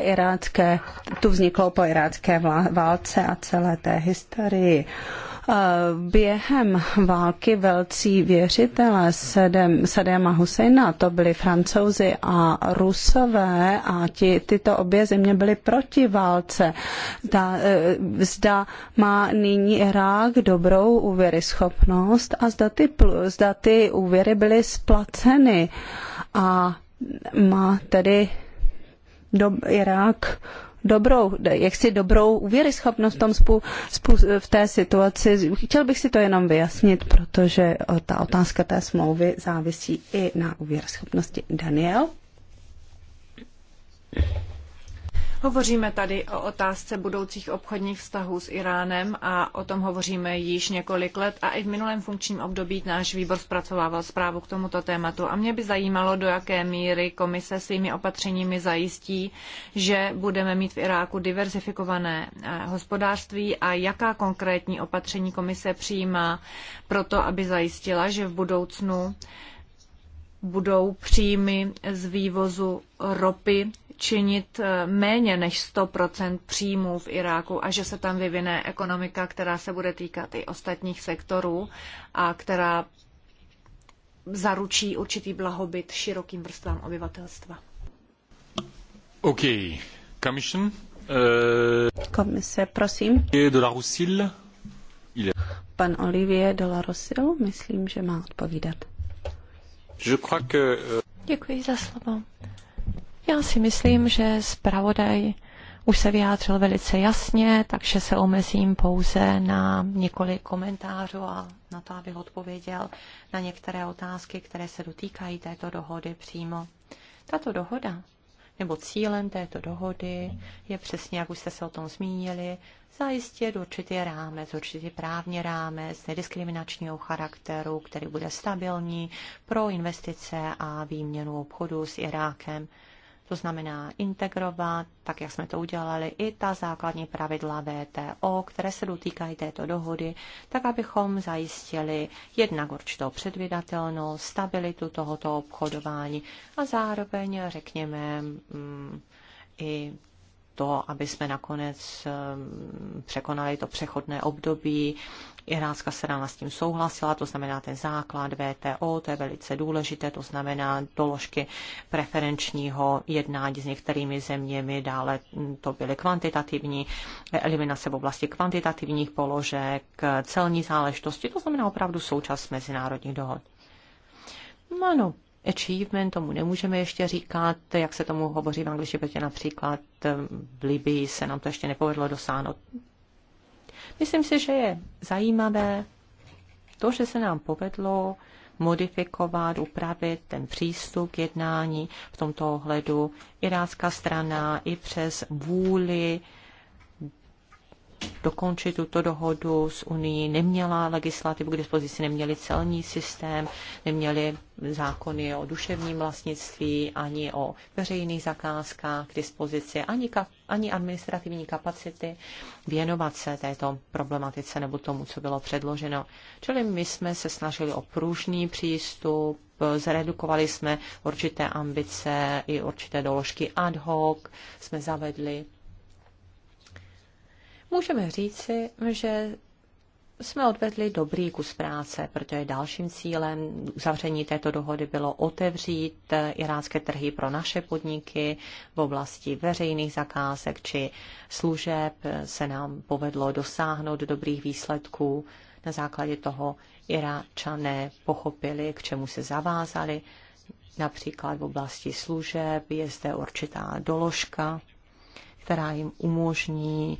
irácké, tu vzniklo po irácké válce a celé té historii. Eh, během války velcí věřitelé Sadéma Husejna, to byli francouzi a rusové a ti, tyto obě země byly proti válce. Ta, eh, zda má nyní Irák dobrou úvěryschopnost a zda ty, zda ty úvěry byly splaceny a má tedy do, Irák dobrou, jaksi dobrou uvěryschopnost v, tom spů, spů, v té situaci. Chtěl bych si to jenom vyjasnit, protože ta otázka té smlouvy závisí i na uvěryschopnosti. Daniel? Hovoříme tady o otázce budoucích obchodních vztahů s Iránem a o tom hovoříme již několik let a i v minulém funkčním období náš výbor zpracovával zprávu k tomuto tématu a mě by zajímalo, do jaké míry komise svými opatřeními zajistí, že budeme mít v Iráku diverzifikované eh, hospodářství a jaká konkrétní opatření komise přijímá proto, aby zajistila, že v budoucnu budou příjmy z vývozu ropy činit eh, méně než 100% příjmů v Iráku a že se tam vyvine ekonomika, která se bude týkat i ostatních sektorů a která zaručí určitý blahobyt širokým vrstvám obyvatelstva. OK. Commission? Uh... Komise, prosím. De la Pan Olivier de la Rosil, myslím, že má odpovídat. Je crois que... Euh, Děkuji za slovo. Já si myslím, že zpravodaj už se vyjádřil velice jasně, takže se omezím pouze na několik komentářů a na to, abych odpověděl na některé otázky, které se dotýkají této dohody přímo. Tato dohoda nebo cílem této dohody je přesně, jak už jste se o tom zmínili, zajistit určitý rámec, určitý právní rámec nediskriminačního charakteru, který bude stabilní pro investice a výměnu obchodu s Irákem to znamená integrovat, tak jak jsme to udělali, i ta základní pravidla VTO, které se dotýkají této dohody, tak abychom zajistili jednak určitou předvydatelnost, stabilitu tohoto obchodování a zároveň, řekněme, mm, i to, aby jsme nakonec ehm, překonali to přechodné období. Iránská strana s tím souhlasila, to znamená ten základ VTO, to je velice důležité, to znamená doložky preferenčního jednání s některými zeměmi, dále hm, to byly kvantitativní, eliminace v oblasti kvantitativních položek, celní záležitosti, to znamená opravdu součást mezinárodních dohod. No ano, achievement, tomu nemůžeme ještě říkat, jak se tomu hovoří v angličtině, protože například ehm, v Libii se nám to ještě nepovedlo dosáhnout. Myslím si, že je zajímavé to, že se nám povedlo modifikovat, upravit ten přístup k jednání v tomto ohledu. Irácká strana i přes vůli dokončit tuto dohodu s Unii, neměla legislativu k dispozici, neměli celní systém, neměli zákony o duševním vlastnictví, ani o veřejných zakázkách k dispozici, ani, ka- ani administrativní kapacity věnovat se této problematice nebo tomu, co bylo předloženo. Čili my jsme se snažili o pružný přístup, zredukovali jsme určité ambice i určité doložky ad hoc, jsme zavedli můžeme říci, že jsme odvedli dobrý kus práce, protože dalším cílem uzavření této dohody bylo otevřít eh, iránské trhy pro naše podniky v oblasti veřejných zakázek či služeb. Eh, se nám povedlo dosáhnout dobrých výsledků. Na základě toho Iráčané pochopili, k čemu se zavázali. Například v oblasti služeb je zde určitá doložka, která jim umožní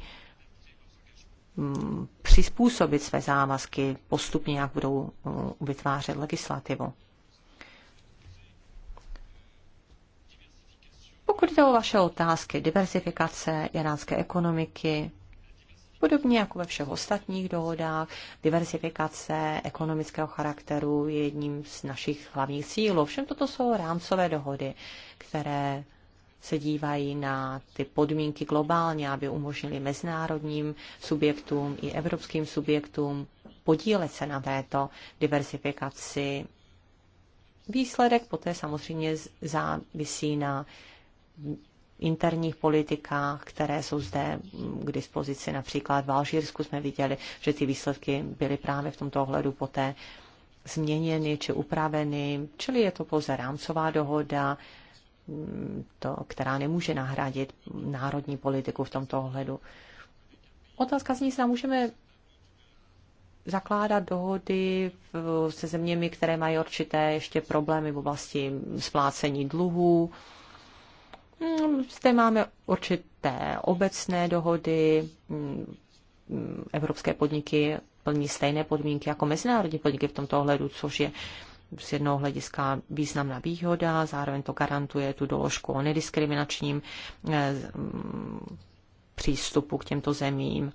Mm, přizpůsobit své závazky postupně, jak budou mm, vytvářet legislativu. Pokud jde o vaše otázky, diversifikace iránské ekonomiky, podobně jako ve všech ostatních dohodách, diversifikace ekonomického charakteru je jedním z našich hlavních cílů. Všem toto jsou rámcové dohody, které se dívají na ty podmínky globálně, aby umožnili mezinárodním subjektům i evropským subjektům podílet se na této diversifikaci. Výsledek poté samozřejmě závisí na interních politikách, které jsou zde k dispozici. Například v Alžírsku jsme viděli, že ty výsledky byly právě v tomto ohledu poté změněny či upraveny, čili je to pouze rámcová dohoda, to, která nemůže nahradit národní politiku v tomto ohledu. Otázka zní, zda můžeme zakládat dohody se zeměmi, které mají určité ještě problémy v oblasti splácení dluhů. Hmm, zde máme určité obecné dohody. Hmm, evropské podniky plní stejné podmínky jako mezinárodní podniky v tomto ohledu, což je z jednoho hlediska významná výhoda, zároveň to garantuje tu doložku o nediskriminačním eh, mm, přístupu k těmto zemím.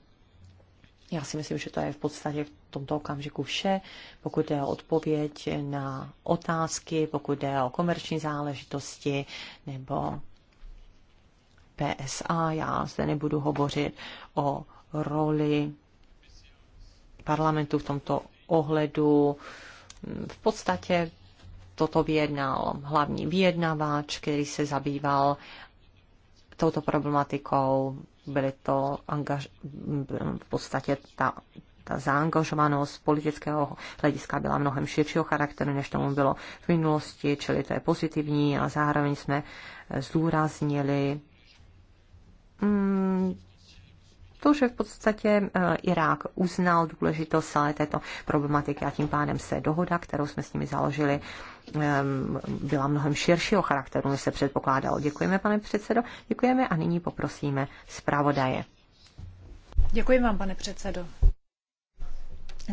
Já si myslím, že to je v podstatě v tomto okamžiku vše. Pokud je o odpověď na otázky, pokud je o komerční záležitosti nebo PSA, já zde nebudu hovořit o roli parlamentu v tomto ohledu v podstatě toto vyjednal hlavní vyjednavač, který se zabýval touto problematikou. Byly to angaž, v podstatě ta, ta zaangažovanost politického hlediska byla mnohem širšího charakteru, než tomu bylo v minulosti, čili to je pozitivní a zároveň jsme zdůraznili mm, to, že v podstatě eh, Irák uznal důležitost celé této problematiky a tím pádem se dohoda, kterou jsme s nimi založili, eh, byla mnohem širšího charakteru, než se předpokládalo. Děkujeme, pane předsedo. Děkujeme a nyní poprosíme zpravodaje. Děkuji vám, pane předsedo.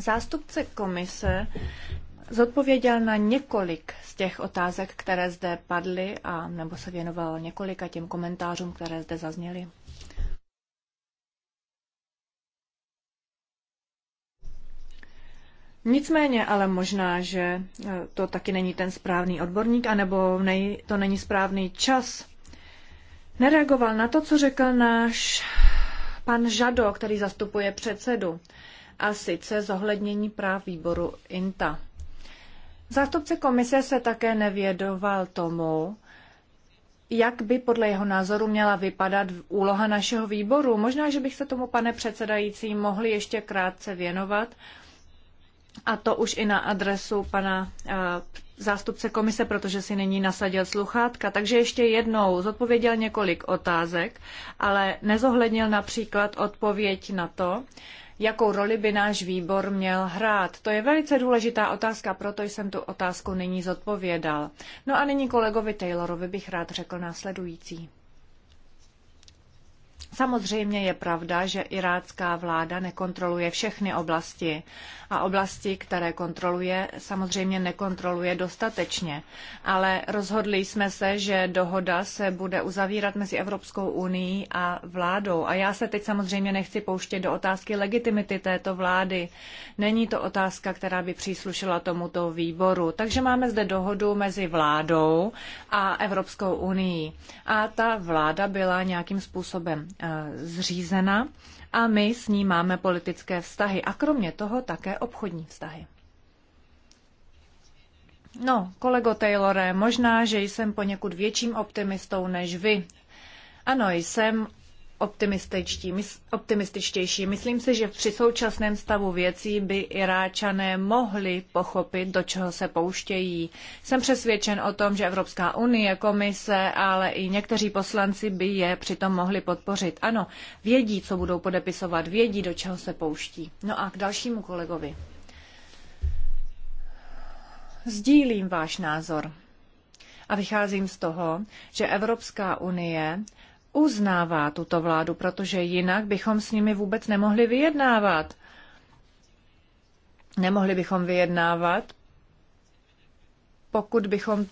Zástupce komise zodpověděl na několik z těch otázek, které zde padly, a nebo se věnoval několika těm komentářům, které zde zazněly. Nicméně ale možná, že e, to taky není ten správný odborník, anebo nej, to není správný čas. Nereagoval na to, co řekl náš pan Žado, který zastupuje předsedu, a sice zohlednění práv výboru INTA. Zástupce komise se také nevědoval tomu, jak by podle jeho názoru měla vypadat úloha našeho výboru. Možná, že bych se tomu, pane předsedající, mohli ještě krátce věnovat a to už i na adresu pana eh, zástupce komise, protože si nyní nasadil sluchátka. Takže ještě jednou zodpověděl několik otázek, ale nezohlednil například odpověď na to, jakou roli by náš výbor měl hrát. To je velice důležitá otázka, proto jsem tu otázku nyní zodpovědal. No a nyní kolegovi Taylorovi bych rád řekl následující. Samozřejmě je pravda, že irácká vláda nekontroluje všechny oblasti a oblasti, které kontroluje, samozřejmě nekontroluje dostatečně. Ale rozhodli jsme se, že dohoda se bude uzavírat mezi Evropskou unii a vládou. A já se teď samozřejmě nechci pouštět do otázky legitimity této vlády. Není to otázka, která by příslušela tomuto výboru. Takže máme zde dohodu mezi vládou a Evropskou unii. A ta vláda byla nějakým způsobem Eh, zřízena a my s ní máme politické vztahy a kromě toho také obchodní vztahy. No, kolego Taylore, možná, že jsem poněkud větším optimistou než vy. Ano, jsem optimističtější. Myslím si, že při současném stavu věcí by Iráčané mohli pochopit, do čeho se pouštějí. Jsem přesvědčen o tom, že Evropská unie, komise, ale i někteří poslanci by je přitom mohli podpořit. Ano, vědí, co budou podepisovat, vědí, do čeho se pouští. No a k dalšímu kolegovi. Sdílím váš názor a vycházím z toho, že Evropská unie uznává tuto vládu, protože jinak bychom s nimi vůbec nemohli vyjednávat. Nemohli bychom vyjednávat, pokud bychom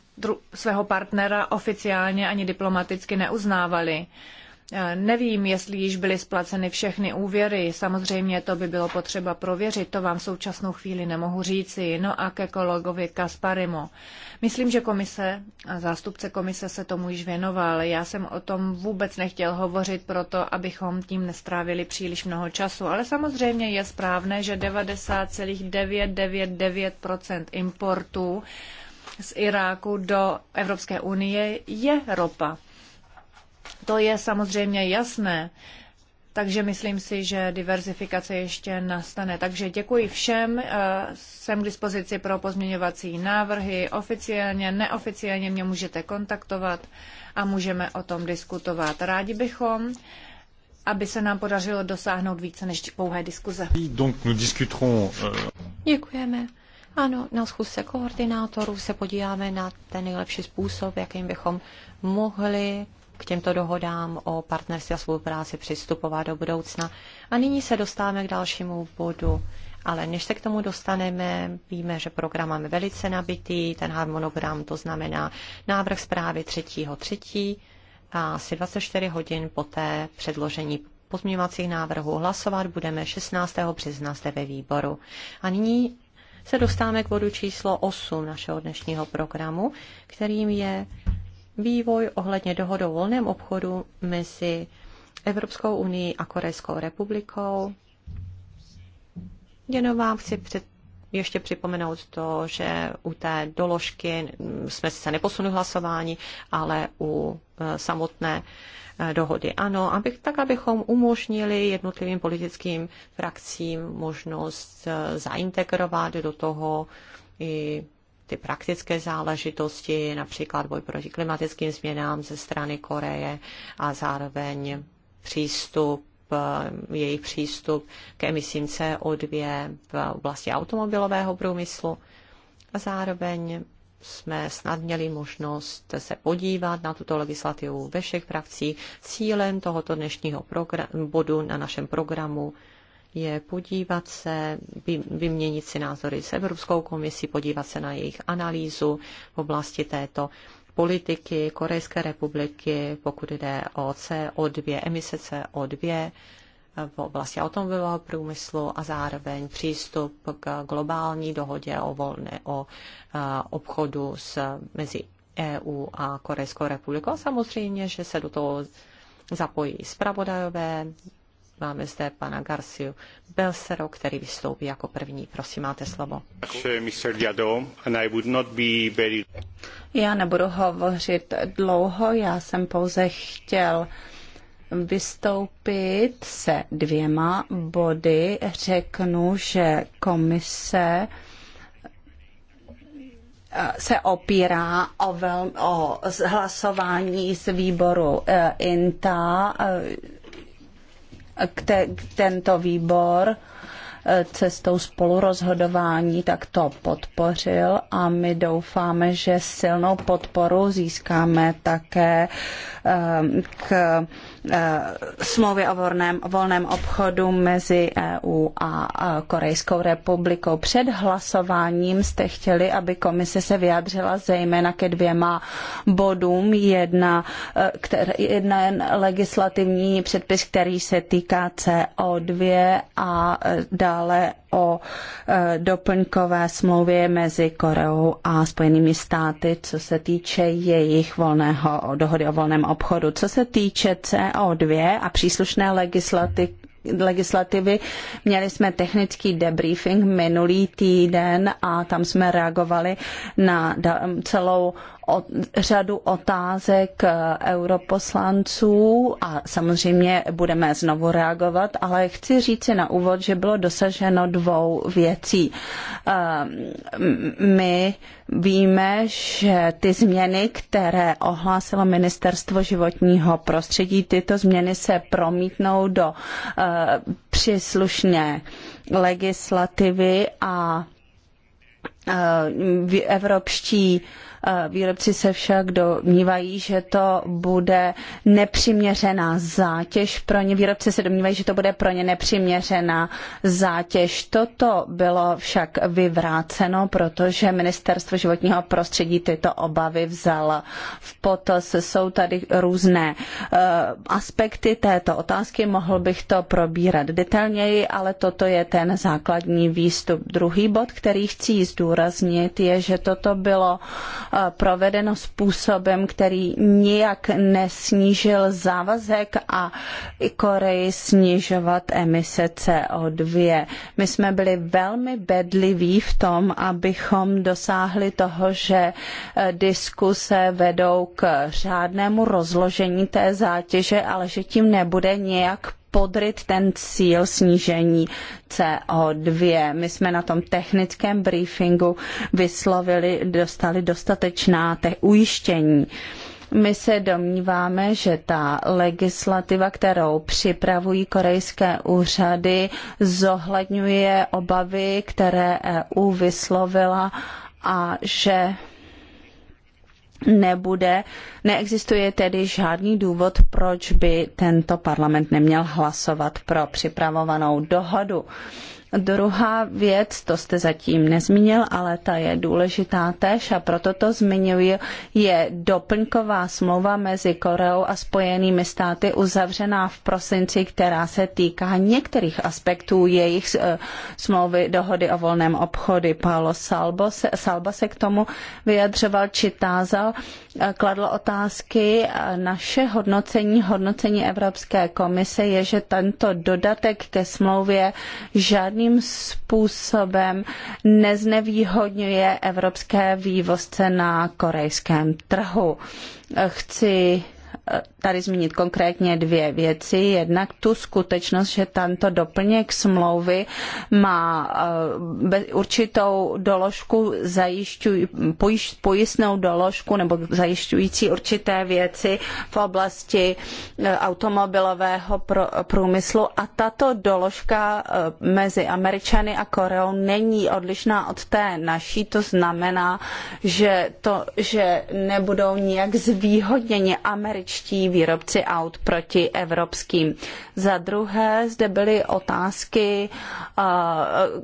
svého partnera oficiálně ani diplomaticky neuznávali. Eh, nevím, jestli již byly splaceny všechny úvěry, samozřejmě to by bylo potřeba prověřit, to vám v současnou chvíli nemohu říci. No a ke kolegovi Kasparimu. Myslím, že komise, a zástupce komise se tomu již věnoval. Já jsem o tom vůbec nechtěl hovořit proto, abychom tím nestrávili příliš mnoho času, ale samozřejmě je správné, že 90,999% importu z Iráku do Evropské unie je ropa. To je samozřejmě jasné. Takže myslím si, že diverzifikace ještě nastane. Takže děkuji všem. Eh, jsem k dispozici pro pozměňovací návrhy. Oficiálně, neoficiálně mě můžete kontaktovat a můžeme o tom diskutovat. Rádi bychom, aby se nám podařilo dosáhnout více než pouhé diskuze. Euh, Děkujeme. Ano, na schůzce koordinátorů se podíváme na ten nejlepší způsob, jakým bychom mohli k těmto dohodám o partnerství a spolupráci přistupovat do budoucna. A nyní se dostáváme k dalšímu bodu. Ale než se k tomu dostaneme, víme, že program máme velice nabitý, ten harmonogram to znamená návrh zprávy 3.3. a asi 24 hodin poté předložení pozměňovacích návrhů hlasovat budeme 16. března zde ve výboru. A nyní se dostáváme k bodu číslo 8 našeho dnešního programu, kterým je vývoj ohledně dohodu o volném obchodu mezi Evropskou unii a Korejskou republikou. Jenom vám chci před, ještě připomenout to, že u té doložky jsme se neposunuli hlasování, ale u e, samotné e, dohody. Ano, abych, tak abychom umožnili jednotlivým politickým frakcím možnost e, zaintegrovat do toho i ty praktické záležitosti, například boj proti klimatickým změnám ze strany Koreje a zároveň přístup eh, jejich přístup k emisím CO2 v oblasti automobilového průmyslu. A zároveň jsme snad měli možnost se podívat na tuto legislativu ve všech frakcích. Cílem tohoto dnešního bodu na našem programu je podívat se, vyměnit si názory s Evropskou komisí, podívat se na jejich analýzu v oblasti této politiky Korejské republiky, pokud jde o CO2, emise CO2 v oblasti automobilového průmyslu a zároveň přístup k globální dohodě o volné o obchodu s, mezi EU a Korejskou republikou. A samozřejmě, že se do toho zapojí zpravodajové, Máme zde pana Garciu Belseru, který vystoupí jako první. Prosím, máte slovo. Já nebudu hovořit dlouho, já jsem pouze chtěl vystoupit se dvěma body. Řeknu, že komise se opírá o, vel, o hlasování z výboru eh, INTA eh, k te, tento výbor e, cestou spolurozhodování tak to podpořil a my doufáme, že silnou podporu získáme také e, k Eh, smlouvy o volném, volném obchodu mezi EU a Korejskou republikou. Před hlasováním jste chtěli, aby komise se vyjádřila zejména ke dvěma bodům. Jedna, eh, jedna legislativní předpis, který se týká CO2 a eh, dále o e, doplňkové smlouvě mezi Koreou a Spojenými státy, co se týče jejich volného dohody o volném obchodu. Co se týče CO2 a příslušné legislativy, legislativy. Měli jsme technický debriefing minulý týden a tam jsme reagovali na celou o, řadu otázek eh, europoslanců a samozřejmě budeme znovu reagovat, ale chci říci na úvod, že bylo dosaženo dvou věcí. Eh, my víme, že ty změny, které ohlásilo Ministerstvo životního prostředí, tyto změny se promítnou do eh, příslušné legislativy a evropští uh, Výrobci se však domnívají, že to bude nepřiměřená zátěž pro ně. Výrobci se domnívají, že to bude pro ně nepřiměřená zátěž. Toto bylo však vyvráceno, protože ministerstvo životního prostředí tyto obavy vzala v potaz. Jsou tady různé eh, aspekty této otázky, mohl bych to probírat detailněji, ale toto je ten základní výstup. Druhý bod, který chci zdůraznit, je, že toto bylo provedeno způsobem, který nijak nesnížil závazek a i Koreji snižovat emise CO2. My jsme byli velmi bedliví v tom, abychom dosáhli toho, že eh, diskuse vedou k řádnému rozložení té zátěže, ale že tím nebude nějak podryt ten cíl snížení CO2. My jsme na tom technickém briefingu vyslovili, dostali dostatečná te- ujištění. My se domníváme, že ta legislativa, kterou připravují korejské úřady, zohledňuje obavy, které EU vyslovila a že nebude, neexistuje tedy žádný důvod, proč by tento parlament neměl hlasovat pro připravovanou dohodu. Druhá věc, to jste zatím nezmínil, ale ta je důležitá též a proto to zmiňuji, je doplňková smlouva mezi Koreou a Spojenými státy uzavřená v prosinci, která se týká některých aspektů jejich eh, smlouvy dohody o volném obchodu. Paolo Salbo se, Salba se k tomu vyjadřoval, či tázal Eh, kladl otázky. Eh, naše hodnocení, hodnocení Evropské komise je, že tento dodatek ke smlouvě žádným způsobem neznevýhodňuje evropské vývozce na korejském trhu. Chci tady zmínit konkrétně dvě věci. Jednak tu skutečnost, že tento doplněk smlouvy má eh, určitou doložku zajišťuj, pojistnou doložku nebo zajišťující určité věci v oblasti eh, automobilového průmyslu a tato doložka eh, mezi Američany a Koreou není odlišná od té naší. To znamená, že to, že nebudou nijak zvýhodněni Američané američtí výrobci aut proti evropským. Za druhé zde byly otázky,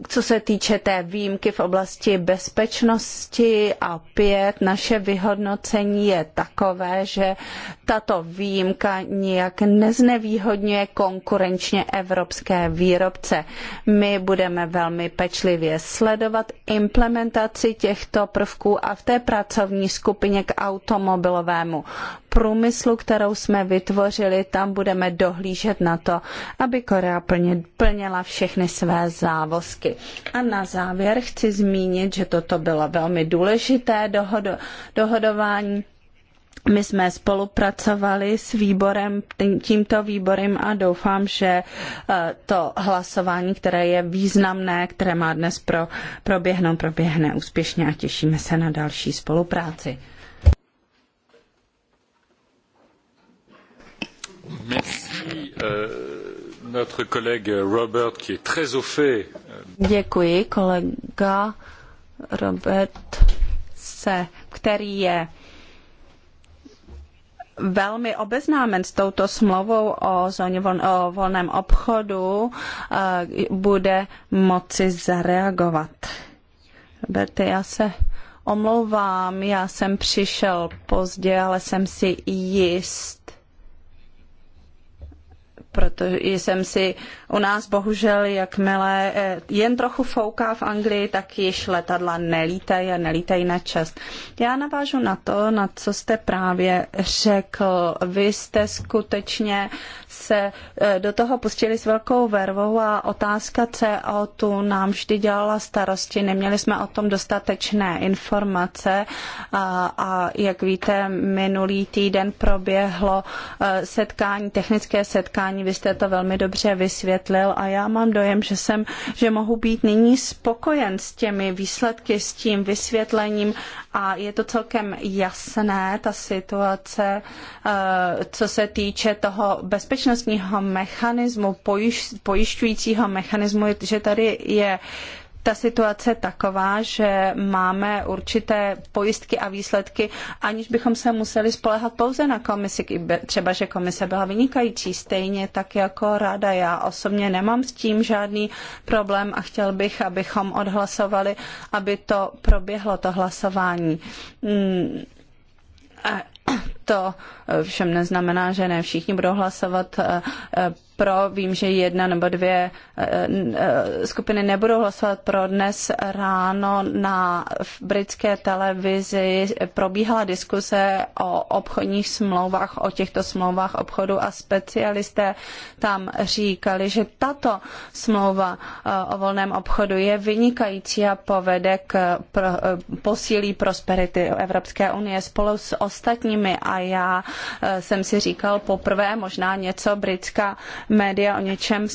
co se týče té výjimky v oblasti bezpečnosti a pět naše vyhodnocení je takové, že tato výjimka nijak neznevýhodňuje konkurenčně evropské výrobce. My budeme velmi pečlivě sledovat implementaci těchto prvků a v té pracovní skupině k automobilovému průmyslu, kterou jsme vytvořili, tam budeme dohlížet na to, aby Korea plnila všechny své závazky. A na závěr chci zmínit, že toto bylo velmi důležité dohodo, dohodování. My jsme spolupracovali s výborem, tímto výborem a doufám, že eh, to hlasování, které je významné, které má dnes pro, proběhnout, proběhne úspěšně a těšíme se na další spolupráci. Euh, notre collègue Robert, qui est très au fait. Euh, Děkuji, kolega Robert, se, který je velmi obeznámen s touto smlouvou o zóně vol, o volném obchodu, eh, bude moci zareagovat. Roberte, já se omlouvám, já jsem přišel pozdě, ale jsem si jist, protože jsem si u nás bohužel, jakmile eh, jen trochu fouká v Anglii, tak již letadla nelítají a nelítají na čas. Já navážu na to, na co jste právě řekl. Vy jste skutečně se eh, do toho pustili s velkou vervou a otázka CO tu nám vždy dělala starosti. Neměli jsme o tom dostatečné informace a, a jak víte, minulý týden proběhlo eh, setkání, technické setkání, vy jste to velmi dobře vysvětlil a já mám dojem, že jsem, že mohu být nyní spokojen s těmi výsledky, s tím vysvětlením a je to celkem jasné, ta situace, eh, co se týče toho bezpečnosti bezpečnostního mechanismu, pojiš, pojišťujícího mechanismu, že tady je ta situace taková, že máme určité pojistky a výsledky, aniž bychom se museli spolehat pouze na komisi, třeba, že komise byla vynikající, stejně tak jako rada. Já osobně nemám s tím žádný problém a chtěl bych, abychom odhlasovali, aby to proběhlo, to hlasování. Mm. A to všem neznamená, že ne všichni budou hlasovat eh, eh, pro. Vím, že jedna nebo dvě eh, eh, skupiny nebudou hlasovat pro. Dnes ráno na britské televizi probíhala diskuse o obchodních smlouvách, o těchto smlouvách obchodu a specialisté tam říkali, že tato smlouva eh, o volném obchodu je vynikající a povede k posílí prosperity Evropské unie spolu s ostatními a já jsem si říkal poprvé možná něco britská média o něčem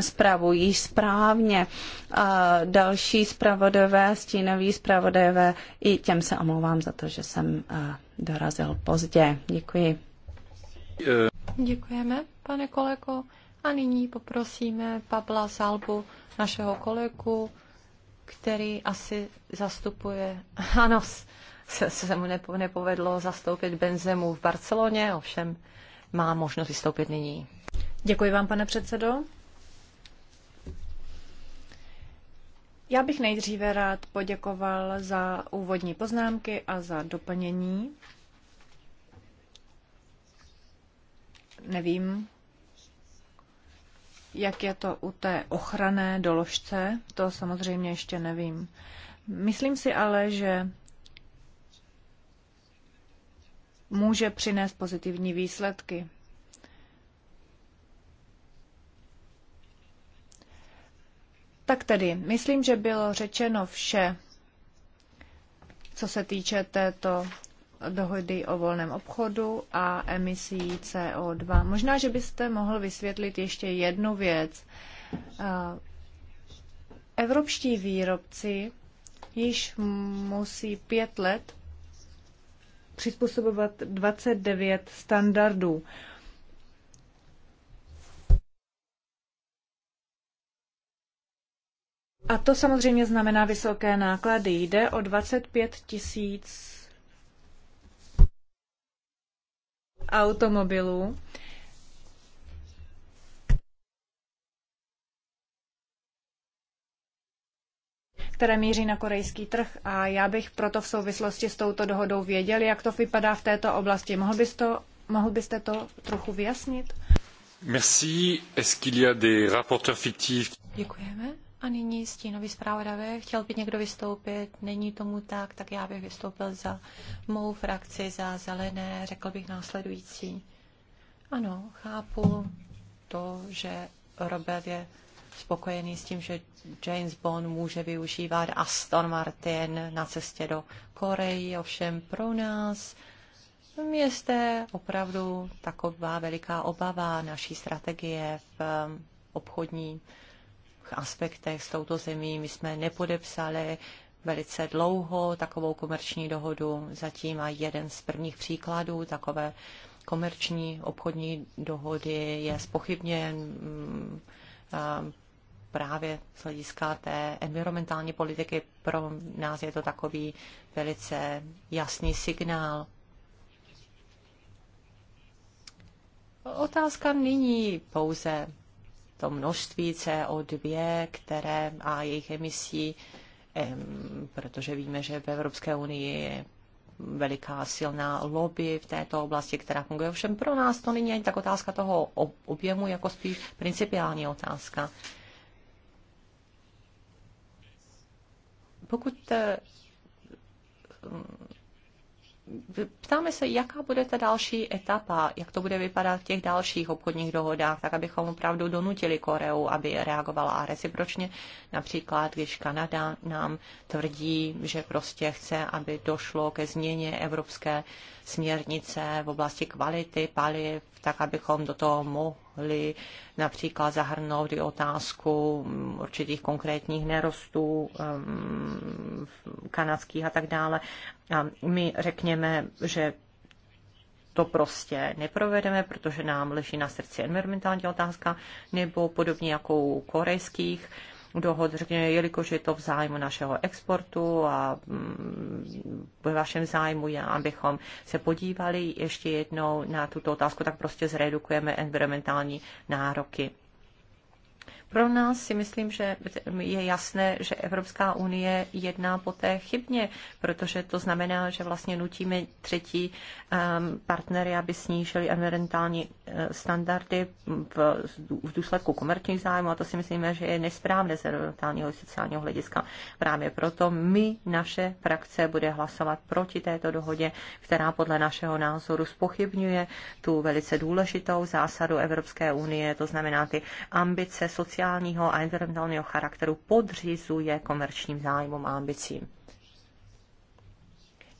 zpravují správně. A další spravodové, stínoví spravodajové, i těm se omlouvám za to, že jsem dorazil pozdě. Děkuji. Děkujeme, pane kolego. A nyní poprosíme Pabla Salbu, našeho kolegu, který asi zastupuje, ano, se, se mu nepovedlo zastoupit Benzemu v Barceloně, ovšem má možnost vystoupit nyní. Děkuji vám, pane předsedo. Já bych nejdříve rád poděkoval za úvodní poznámky a za doplnění. Nevím, jak je to u té ochranné doložce, to samozřejmě ještě nevím. Myslím si ale, že může přinést pozitivní výsledky. Tak tedy, myslím, že bylo řečeno vše, co se týče této dohody o volném obchodu a emisí CO2. Možná, že byste mohl vysvětlit ještě jednu věc. Evropští výrobci již musí pět let přizpůsobovat 29 standardů. A to samozřejmě znamená vysoké náklady. Jde o 25 tisíc automobilů. které míří na korejský trh a já bych proto v souvislosti s touto dohodou věděl, jak to vypadá v této oblasti. Mohl, bys to, mohl byste to trochu vyjasnit? Merci. Est-ce qu'il y a des rapporteurs fictifs? Děkujeme. A nyní stínový zprávodavě. Chtěl by někdo vystoupit? Není tomu tak, tak já bych vystoupil za mou frakci, za zelené, řekl bych následující. Ano, chápu to, že Robert je spokojený s tím, že James Bond může využívat Aston Martin na cestě do Koreji, ovšem pro nás je zde opravdu taková veliká obava naší strategie v um, obchodní aspektech s touto zemí. My jsme nepodepsali velice dlouho takovou komerční dohodu, zatím a jeden z prvních příkladů takové komerční obchodní dohody je spochybněn mm, právě z hlediska té environmentální politiky. Pro nás je to takový velice jasný signál. Otázka nyní pouze to množství CO2, které a jejich emisí, protože víme, že v Evropské unii je veliká silná lobby v této oblasti, která funguje. Ovšem pro nás to není ani tak otázka toho objemu, jako spíš principiální otázka. Pokud eh, ptáme se, jaká bude ta další etapa, jak to bude vypadat v těch dalších obchodních dohodách, tak abychom opravdu donutili Koreu, aby reagovala a recipročně. Například, když Kanada nám tvrdí, že prostě chce, aby došlo ke změně evropské uh, směrnice v oblasti kvality paliv, tak abychom do toho mohli například zahrnout i otázku mm, určitých konkrétních nerostů mm, kanadských a tak dále. A my řekněme, že to prostě neprovedeme, protože nám leží na srdci environmentální otázka, nebo podobně jako u korejských dohod, řekněme, jelikož je to v zájmu našeho exportu a mm, ve vašem zájmu je, abychom se podívali ještě jednou na tuto otázku, tak prostě zredukujeme environmentální nároky. Pro nás si myslím, že je jasné, že Evropská unie jedná poté chybně, protože to znamená, že vlastně nutíme třetí ehm, partnery, aby snížili environmentální eh, standardy v důsledku komerčních zájmů a to si myslíme, že je nesprávné z environmentálního sociálního hlediska. Právě proto my, naše frakce, bude hlasovat proti této dohodě, která podle našeho názoru spochybňuje tu velice důležitou zásadu Evropské unie, to znamená ty ambice sociální sociálního a environmentálního charakteru podřizuje komerčním zájmům a ambicím.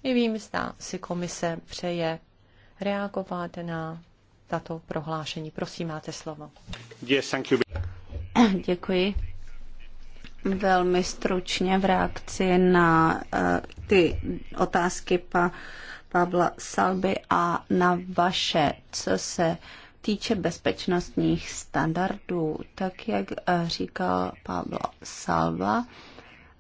vím, zda si komise přeje reagovat na tato prohlášení. Prosím, máte slovo. Yes, thank you. Děkuji. Velmi stručně v reakci na uh, ty otázky pa, Pavla Salby a na vaše, co se uh, týče bezpečnostních standardů, tak jak eh, říkal Pablo Salva,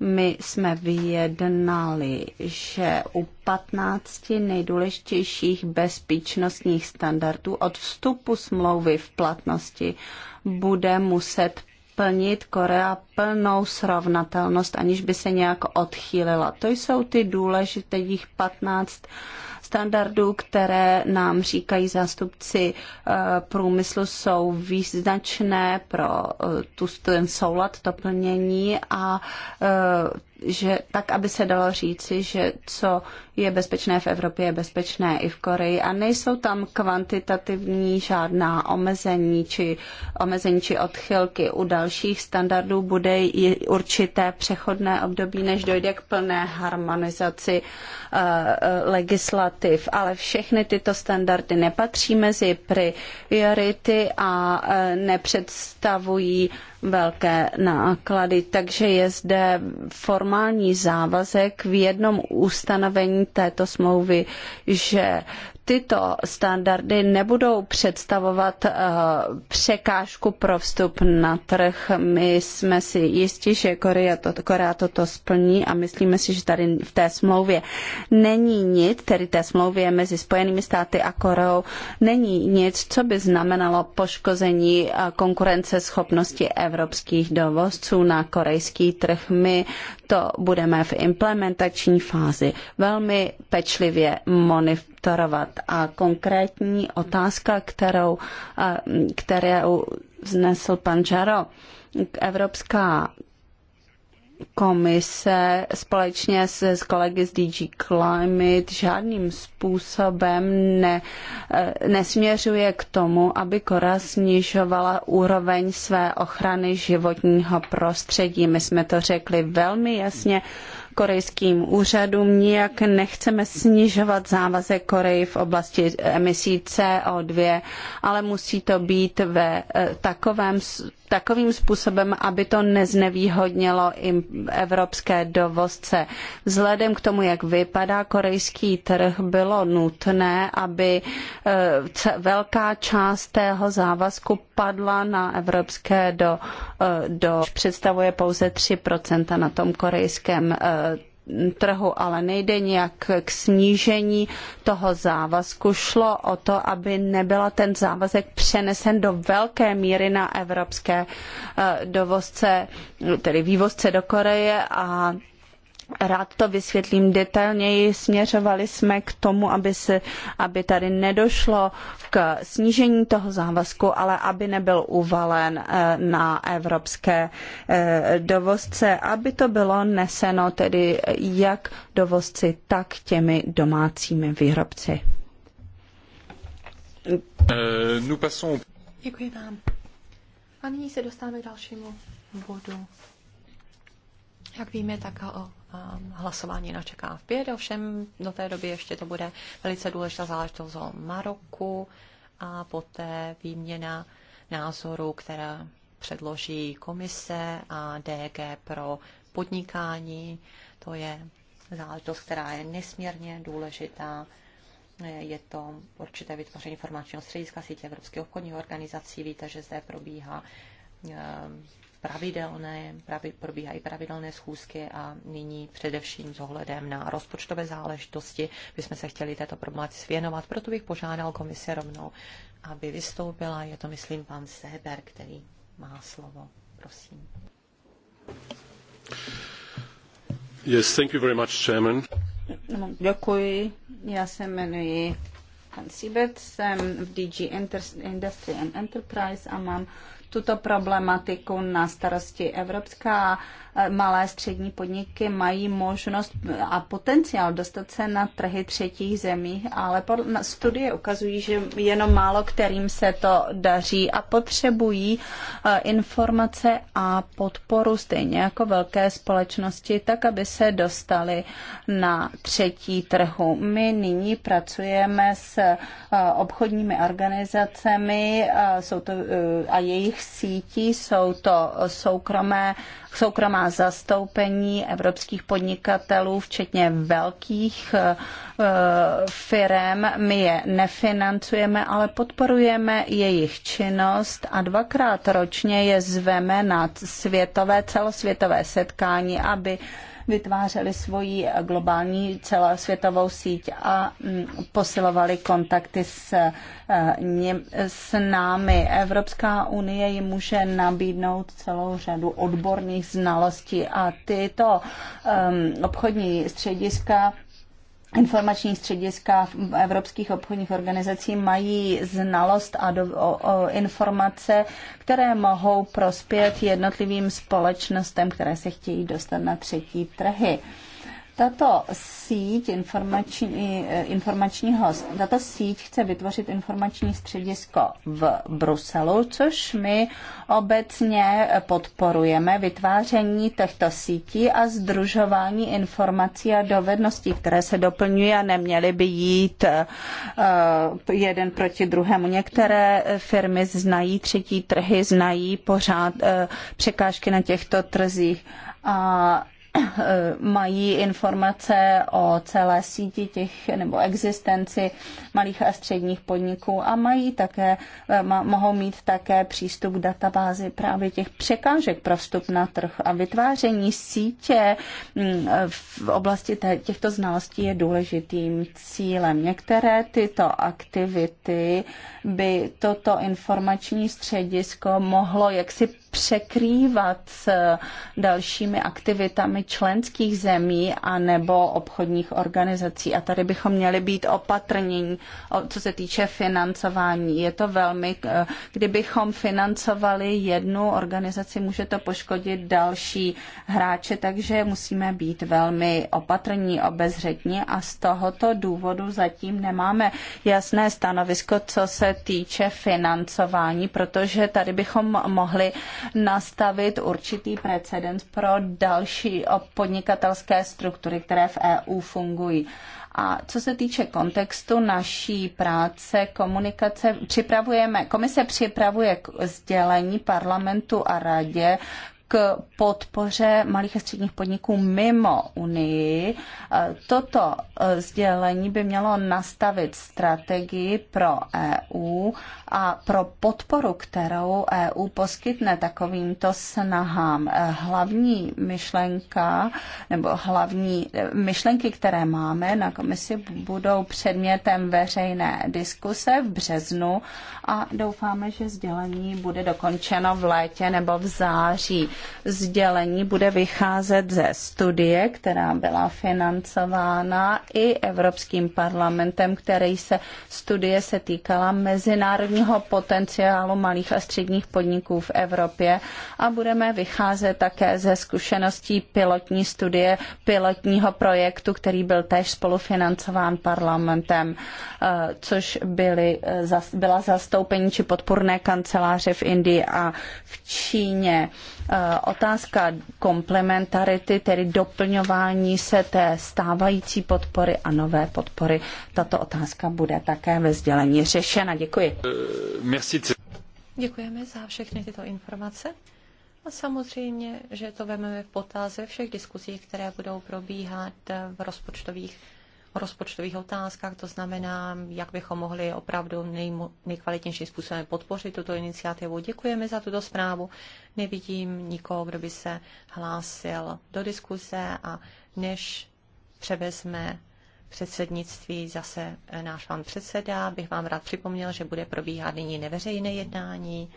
my jsme vyjednali, že u 15 nejdůležitějších bezpečnostních standardů od vstupu smlouvy v platnosti bude muset plnit Korea plnou srovnatelnost, aniž by se nějak odchýlila. To jsou ty důležitých 15 standardů, které nám říkají zástupci eh, průmyslu, jsou význačné pro eh, tu, ten soulad, to plnění a eh, že tak, aby se dalo říci, že co je bezpečné v Evropě, je bezpečné i v Koreji a nejsou tam kvantitativní žádná omezení či, omezení či odchylky. U dalších standardů bude i určité přechodné období, než dojde k plné harmonizaci uh, legislativy normativ, ale všechny tyto standardy nepatří mezi priority a e, nepředstavují velké náklady, takže je zde formální závazek v jednom ustanovení této smlouvy, že tyto standardy nebudou představovat eh, překážku pro vstup na trh. My jsme si jistí, že Korea, to, Korea toto splní a myslíme si, že tady v té smlouvě není nic, tedy té smlouvě mezi Spojenými státy a Koreou, není nic, co by znamenalo poškození eh, konkurenceschopnosti evropských dovozců na korejský trh. My to budeme v implementační fázi velmi pečlivě monitorovat monitorovat. A konkrétní otázka, kterou, kterou vznesl pan Žaro, Evropská komise společně s, s kolegy z DG Climate žádným způsobem ne, e, nesměřuje k tomu, aby Kora snižovala úroveň své ochrany životního prostředí. My jsme to řekli velmi jasně korejským úřadům. Nijak nechceme snižovat závazek Koreji v oblasti emisí CO2, ale musí to být ve eh, takovém takovým způsobem, aby to neznevýhodnilo i evropské dovozce. Vzhledem k tomu, jak vypadá korejský trh, bylo nutné, aby eh, velká část tého závazku padla na evropské do, eh, do představuje pouze 3% na tom korejském eh, trhu, ale nejde nějak k snížení toho závazku. Šlo o to, aby nebyla ten závazek přenesen do velké míry na evropské eh, dovozce, tedy vývozce do Koreje a Rád to vysvětlím detailněji. Směřovali jsme k tomu, aby, se, aby tady nedošlo k snížení toho závazku, ale aby nebyl uvalen eh, na evropské eh, dovozce, aby to bylo neseno tedy jak dovozci, tak těmi domácími výrobci. Eh, Děkuji vám. A nyní se dostáváme k dalšímu bodu. Jak víme, tak o hlasování načeká v pět, ovšem do té doby ještě to bude velice důležitá záležitost o Maroku a poté výměna názoru, která předloží komise a DG pro podnikání. To je záležitost, která je nesmírně důležitá. Je to určité vytvoření informačního střediska sítě Evropské obchodní organizací. Víte, že zde probíhá eh, pravidelné, pravi, probíhají pravidelné schůzky a nyní především s ohledem na rozpočtové záležitosti bychom se chtěli této problematice věnovat, proto bych požádal komise rovnou, aby vystoupila. Je to, myslím, pan Seber, který má slovo. Prosím. Yes, thank you very much, Chairman. No, děkuji. Já se jmenuji pan Sibet, jsem v DG Industry and Enterprise a mám tuto problematiku na starosti. Evropská eh, malé střední podniky mají možnost a potenciál dostat se na trhy třetích zemí, ale studie ukazují, že jenom málo kterým se to daří a potřebují eh, informace a podporu stejně jako velké společnosti, tak aby se dostali na třetí trhu. My nyní pracujeme s eh, obchodními organizacemi jsou to, a jejich jejich sítí. Jsou to soukromé, soukromá zastoupení evropských podnikatelů, včetně velkých eh, firm. My je nefinancujeme, ale podporujeme jejich činnost a dvakrát ročně je zveme na světové, celosvětové setkání, aby vytvářeli svoji globální celosvětovou síť a mm, posilovali kontakty s, eh, s námi. Evropská unie jim může nabídnout celou řadu odborných znalostí a tyto ehm, obchodní střediska informační střediska v evropských obchodních organizací mají znalost a do, o, o informace, které mohou prospět jednotlivým společnostem, které se chtějí dostat na třetí trhy. Tato síť informační, eh, informačního, tato síť chce vytvořit informační středisko v Bruselu, což my obecně podporujeme vytváření těchto sítí a združování informací a dovedností, které se doplňují a neměly by jít eh, jeden proti druhému. Některé firmy znají třetí trhy, znají pořád eh, překážky na těchto trzích a Eh, mají informace o celé síti těch nebo existenci malých a středních podniků a mají také, eh, mohou mít také přístup k databázi právě těch překážek pro vstup na trh a vytváření sítě mm, eh, v oblasti těchto znalostí je důležitým cílem. Některé tyto aktivity by toto informační středisko mohlo jaksi překrývat s eh, dalšími aktivitami členských zemí a nebo obchodních organizací. A tady bychom měli být opatrní, co se týče financování. Je to velmi, eh, kdybychom financovali jednu organizaci, může to poškodit další hráče, takže musíme být velmi opatrní, obezřetní a z tohoto důvodu zatím nemáme jasné stanovisko, co se týče financování, protože tady bychom mohli nastavit určitý precedens pro další podnikatelské struktury, které v EU fungují. A co se týče kontextu naší práce, komunikace, připravujeme, komise připravuje k sdělení parlamentu a radě k podpoře malých a středních podniků mimo Unii. Toto e, sdělení by mělo nastavit strategii pro EU a pro podporu, kterou EU poskytne takovýmto snahám. Eh, hlavní myšlenka nebo hlavní eh, myšlenky, které máme na komisi, budou předmětem veřejné diskuse v březnu a doufáme, že sdělení bude dokončeno v létě nebo v září. Sdělení bude vycházet ze studie, která byla financována i Evropským parlamentem, který se studie se týkala mezinárodní obchodního potenciálu malých a středních podniků v Evropě a budeme vycházet také ze zkušeností pilotní studie, pilotního projektu, který byl též spolufinancován parlamentem, eh, což byly, eh, byla zastoupení či podporné kanceláře v Indii a v Číně. Eh, otázka komplementarity, tedy doplňování se té stávající podpory a nové podpory, tato otázka bude také ve sdělení řešena. Děkuji. Eh, Děkujeme za všechny tyto informace. A samozřejmě, že to vezmeme v potaz ve všech diskuzích, které budou probíhat v rozpočtových rozpočtových otázkách, to znamená, jak bychom mohli opravdu nejmo, nejkvalitnějším způsobem podpořit tuto iniciativu. Děkujeme za tuto zprávu. Nevidím nikoho, kdo by se hlásil do diskuse a než převezme předsednictví zase náš pan předseda, bych vám rád připomněl, že bude probíhat nyní neveřejné jednání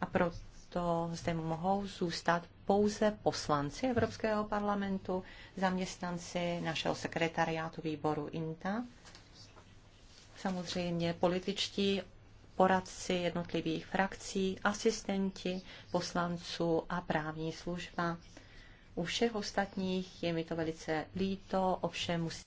a proto to zde mohou zůstat pouze poslanci Evropského parlamentu, zaměstnanci našeho sekretariátu výboru INTA, samozřejmě političtí poradci jednotlivých frakcí, asistenti poslanců a právní služba. U všech ostatních je mi to velice líto, ovšem musí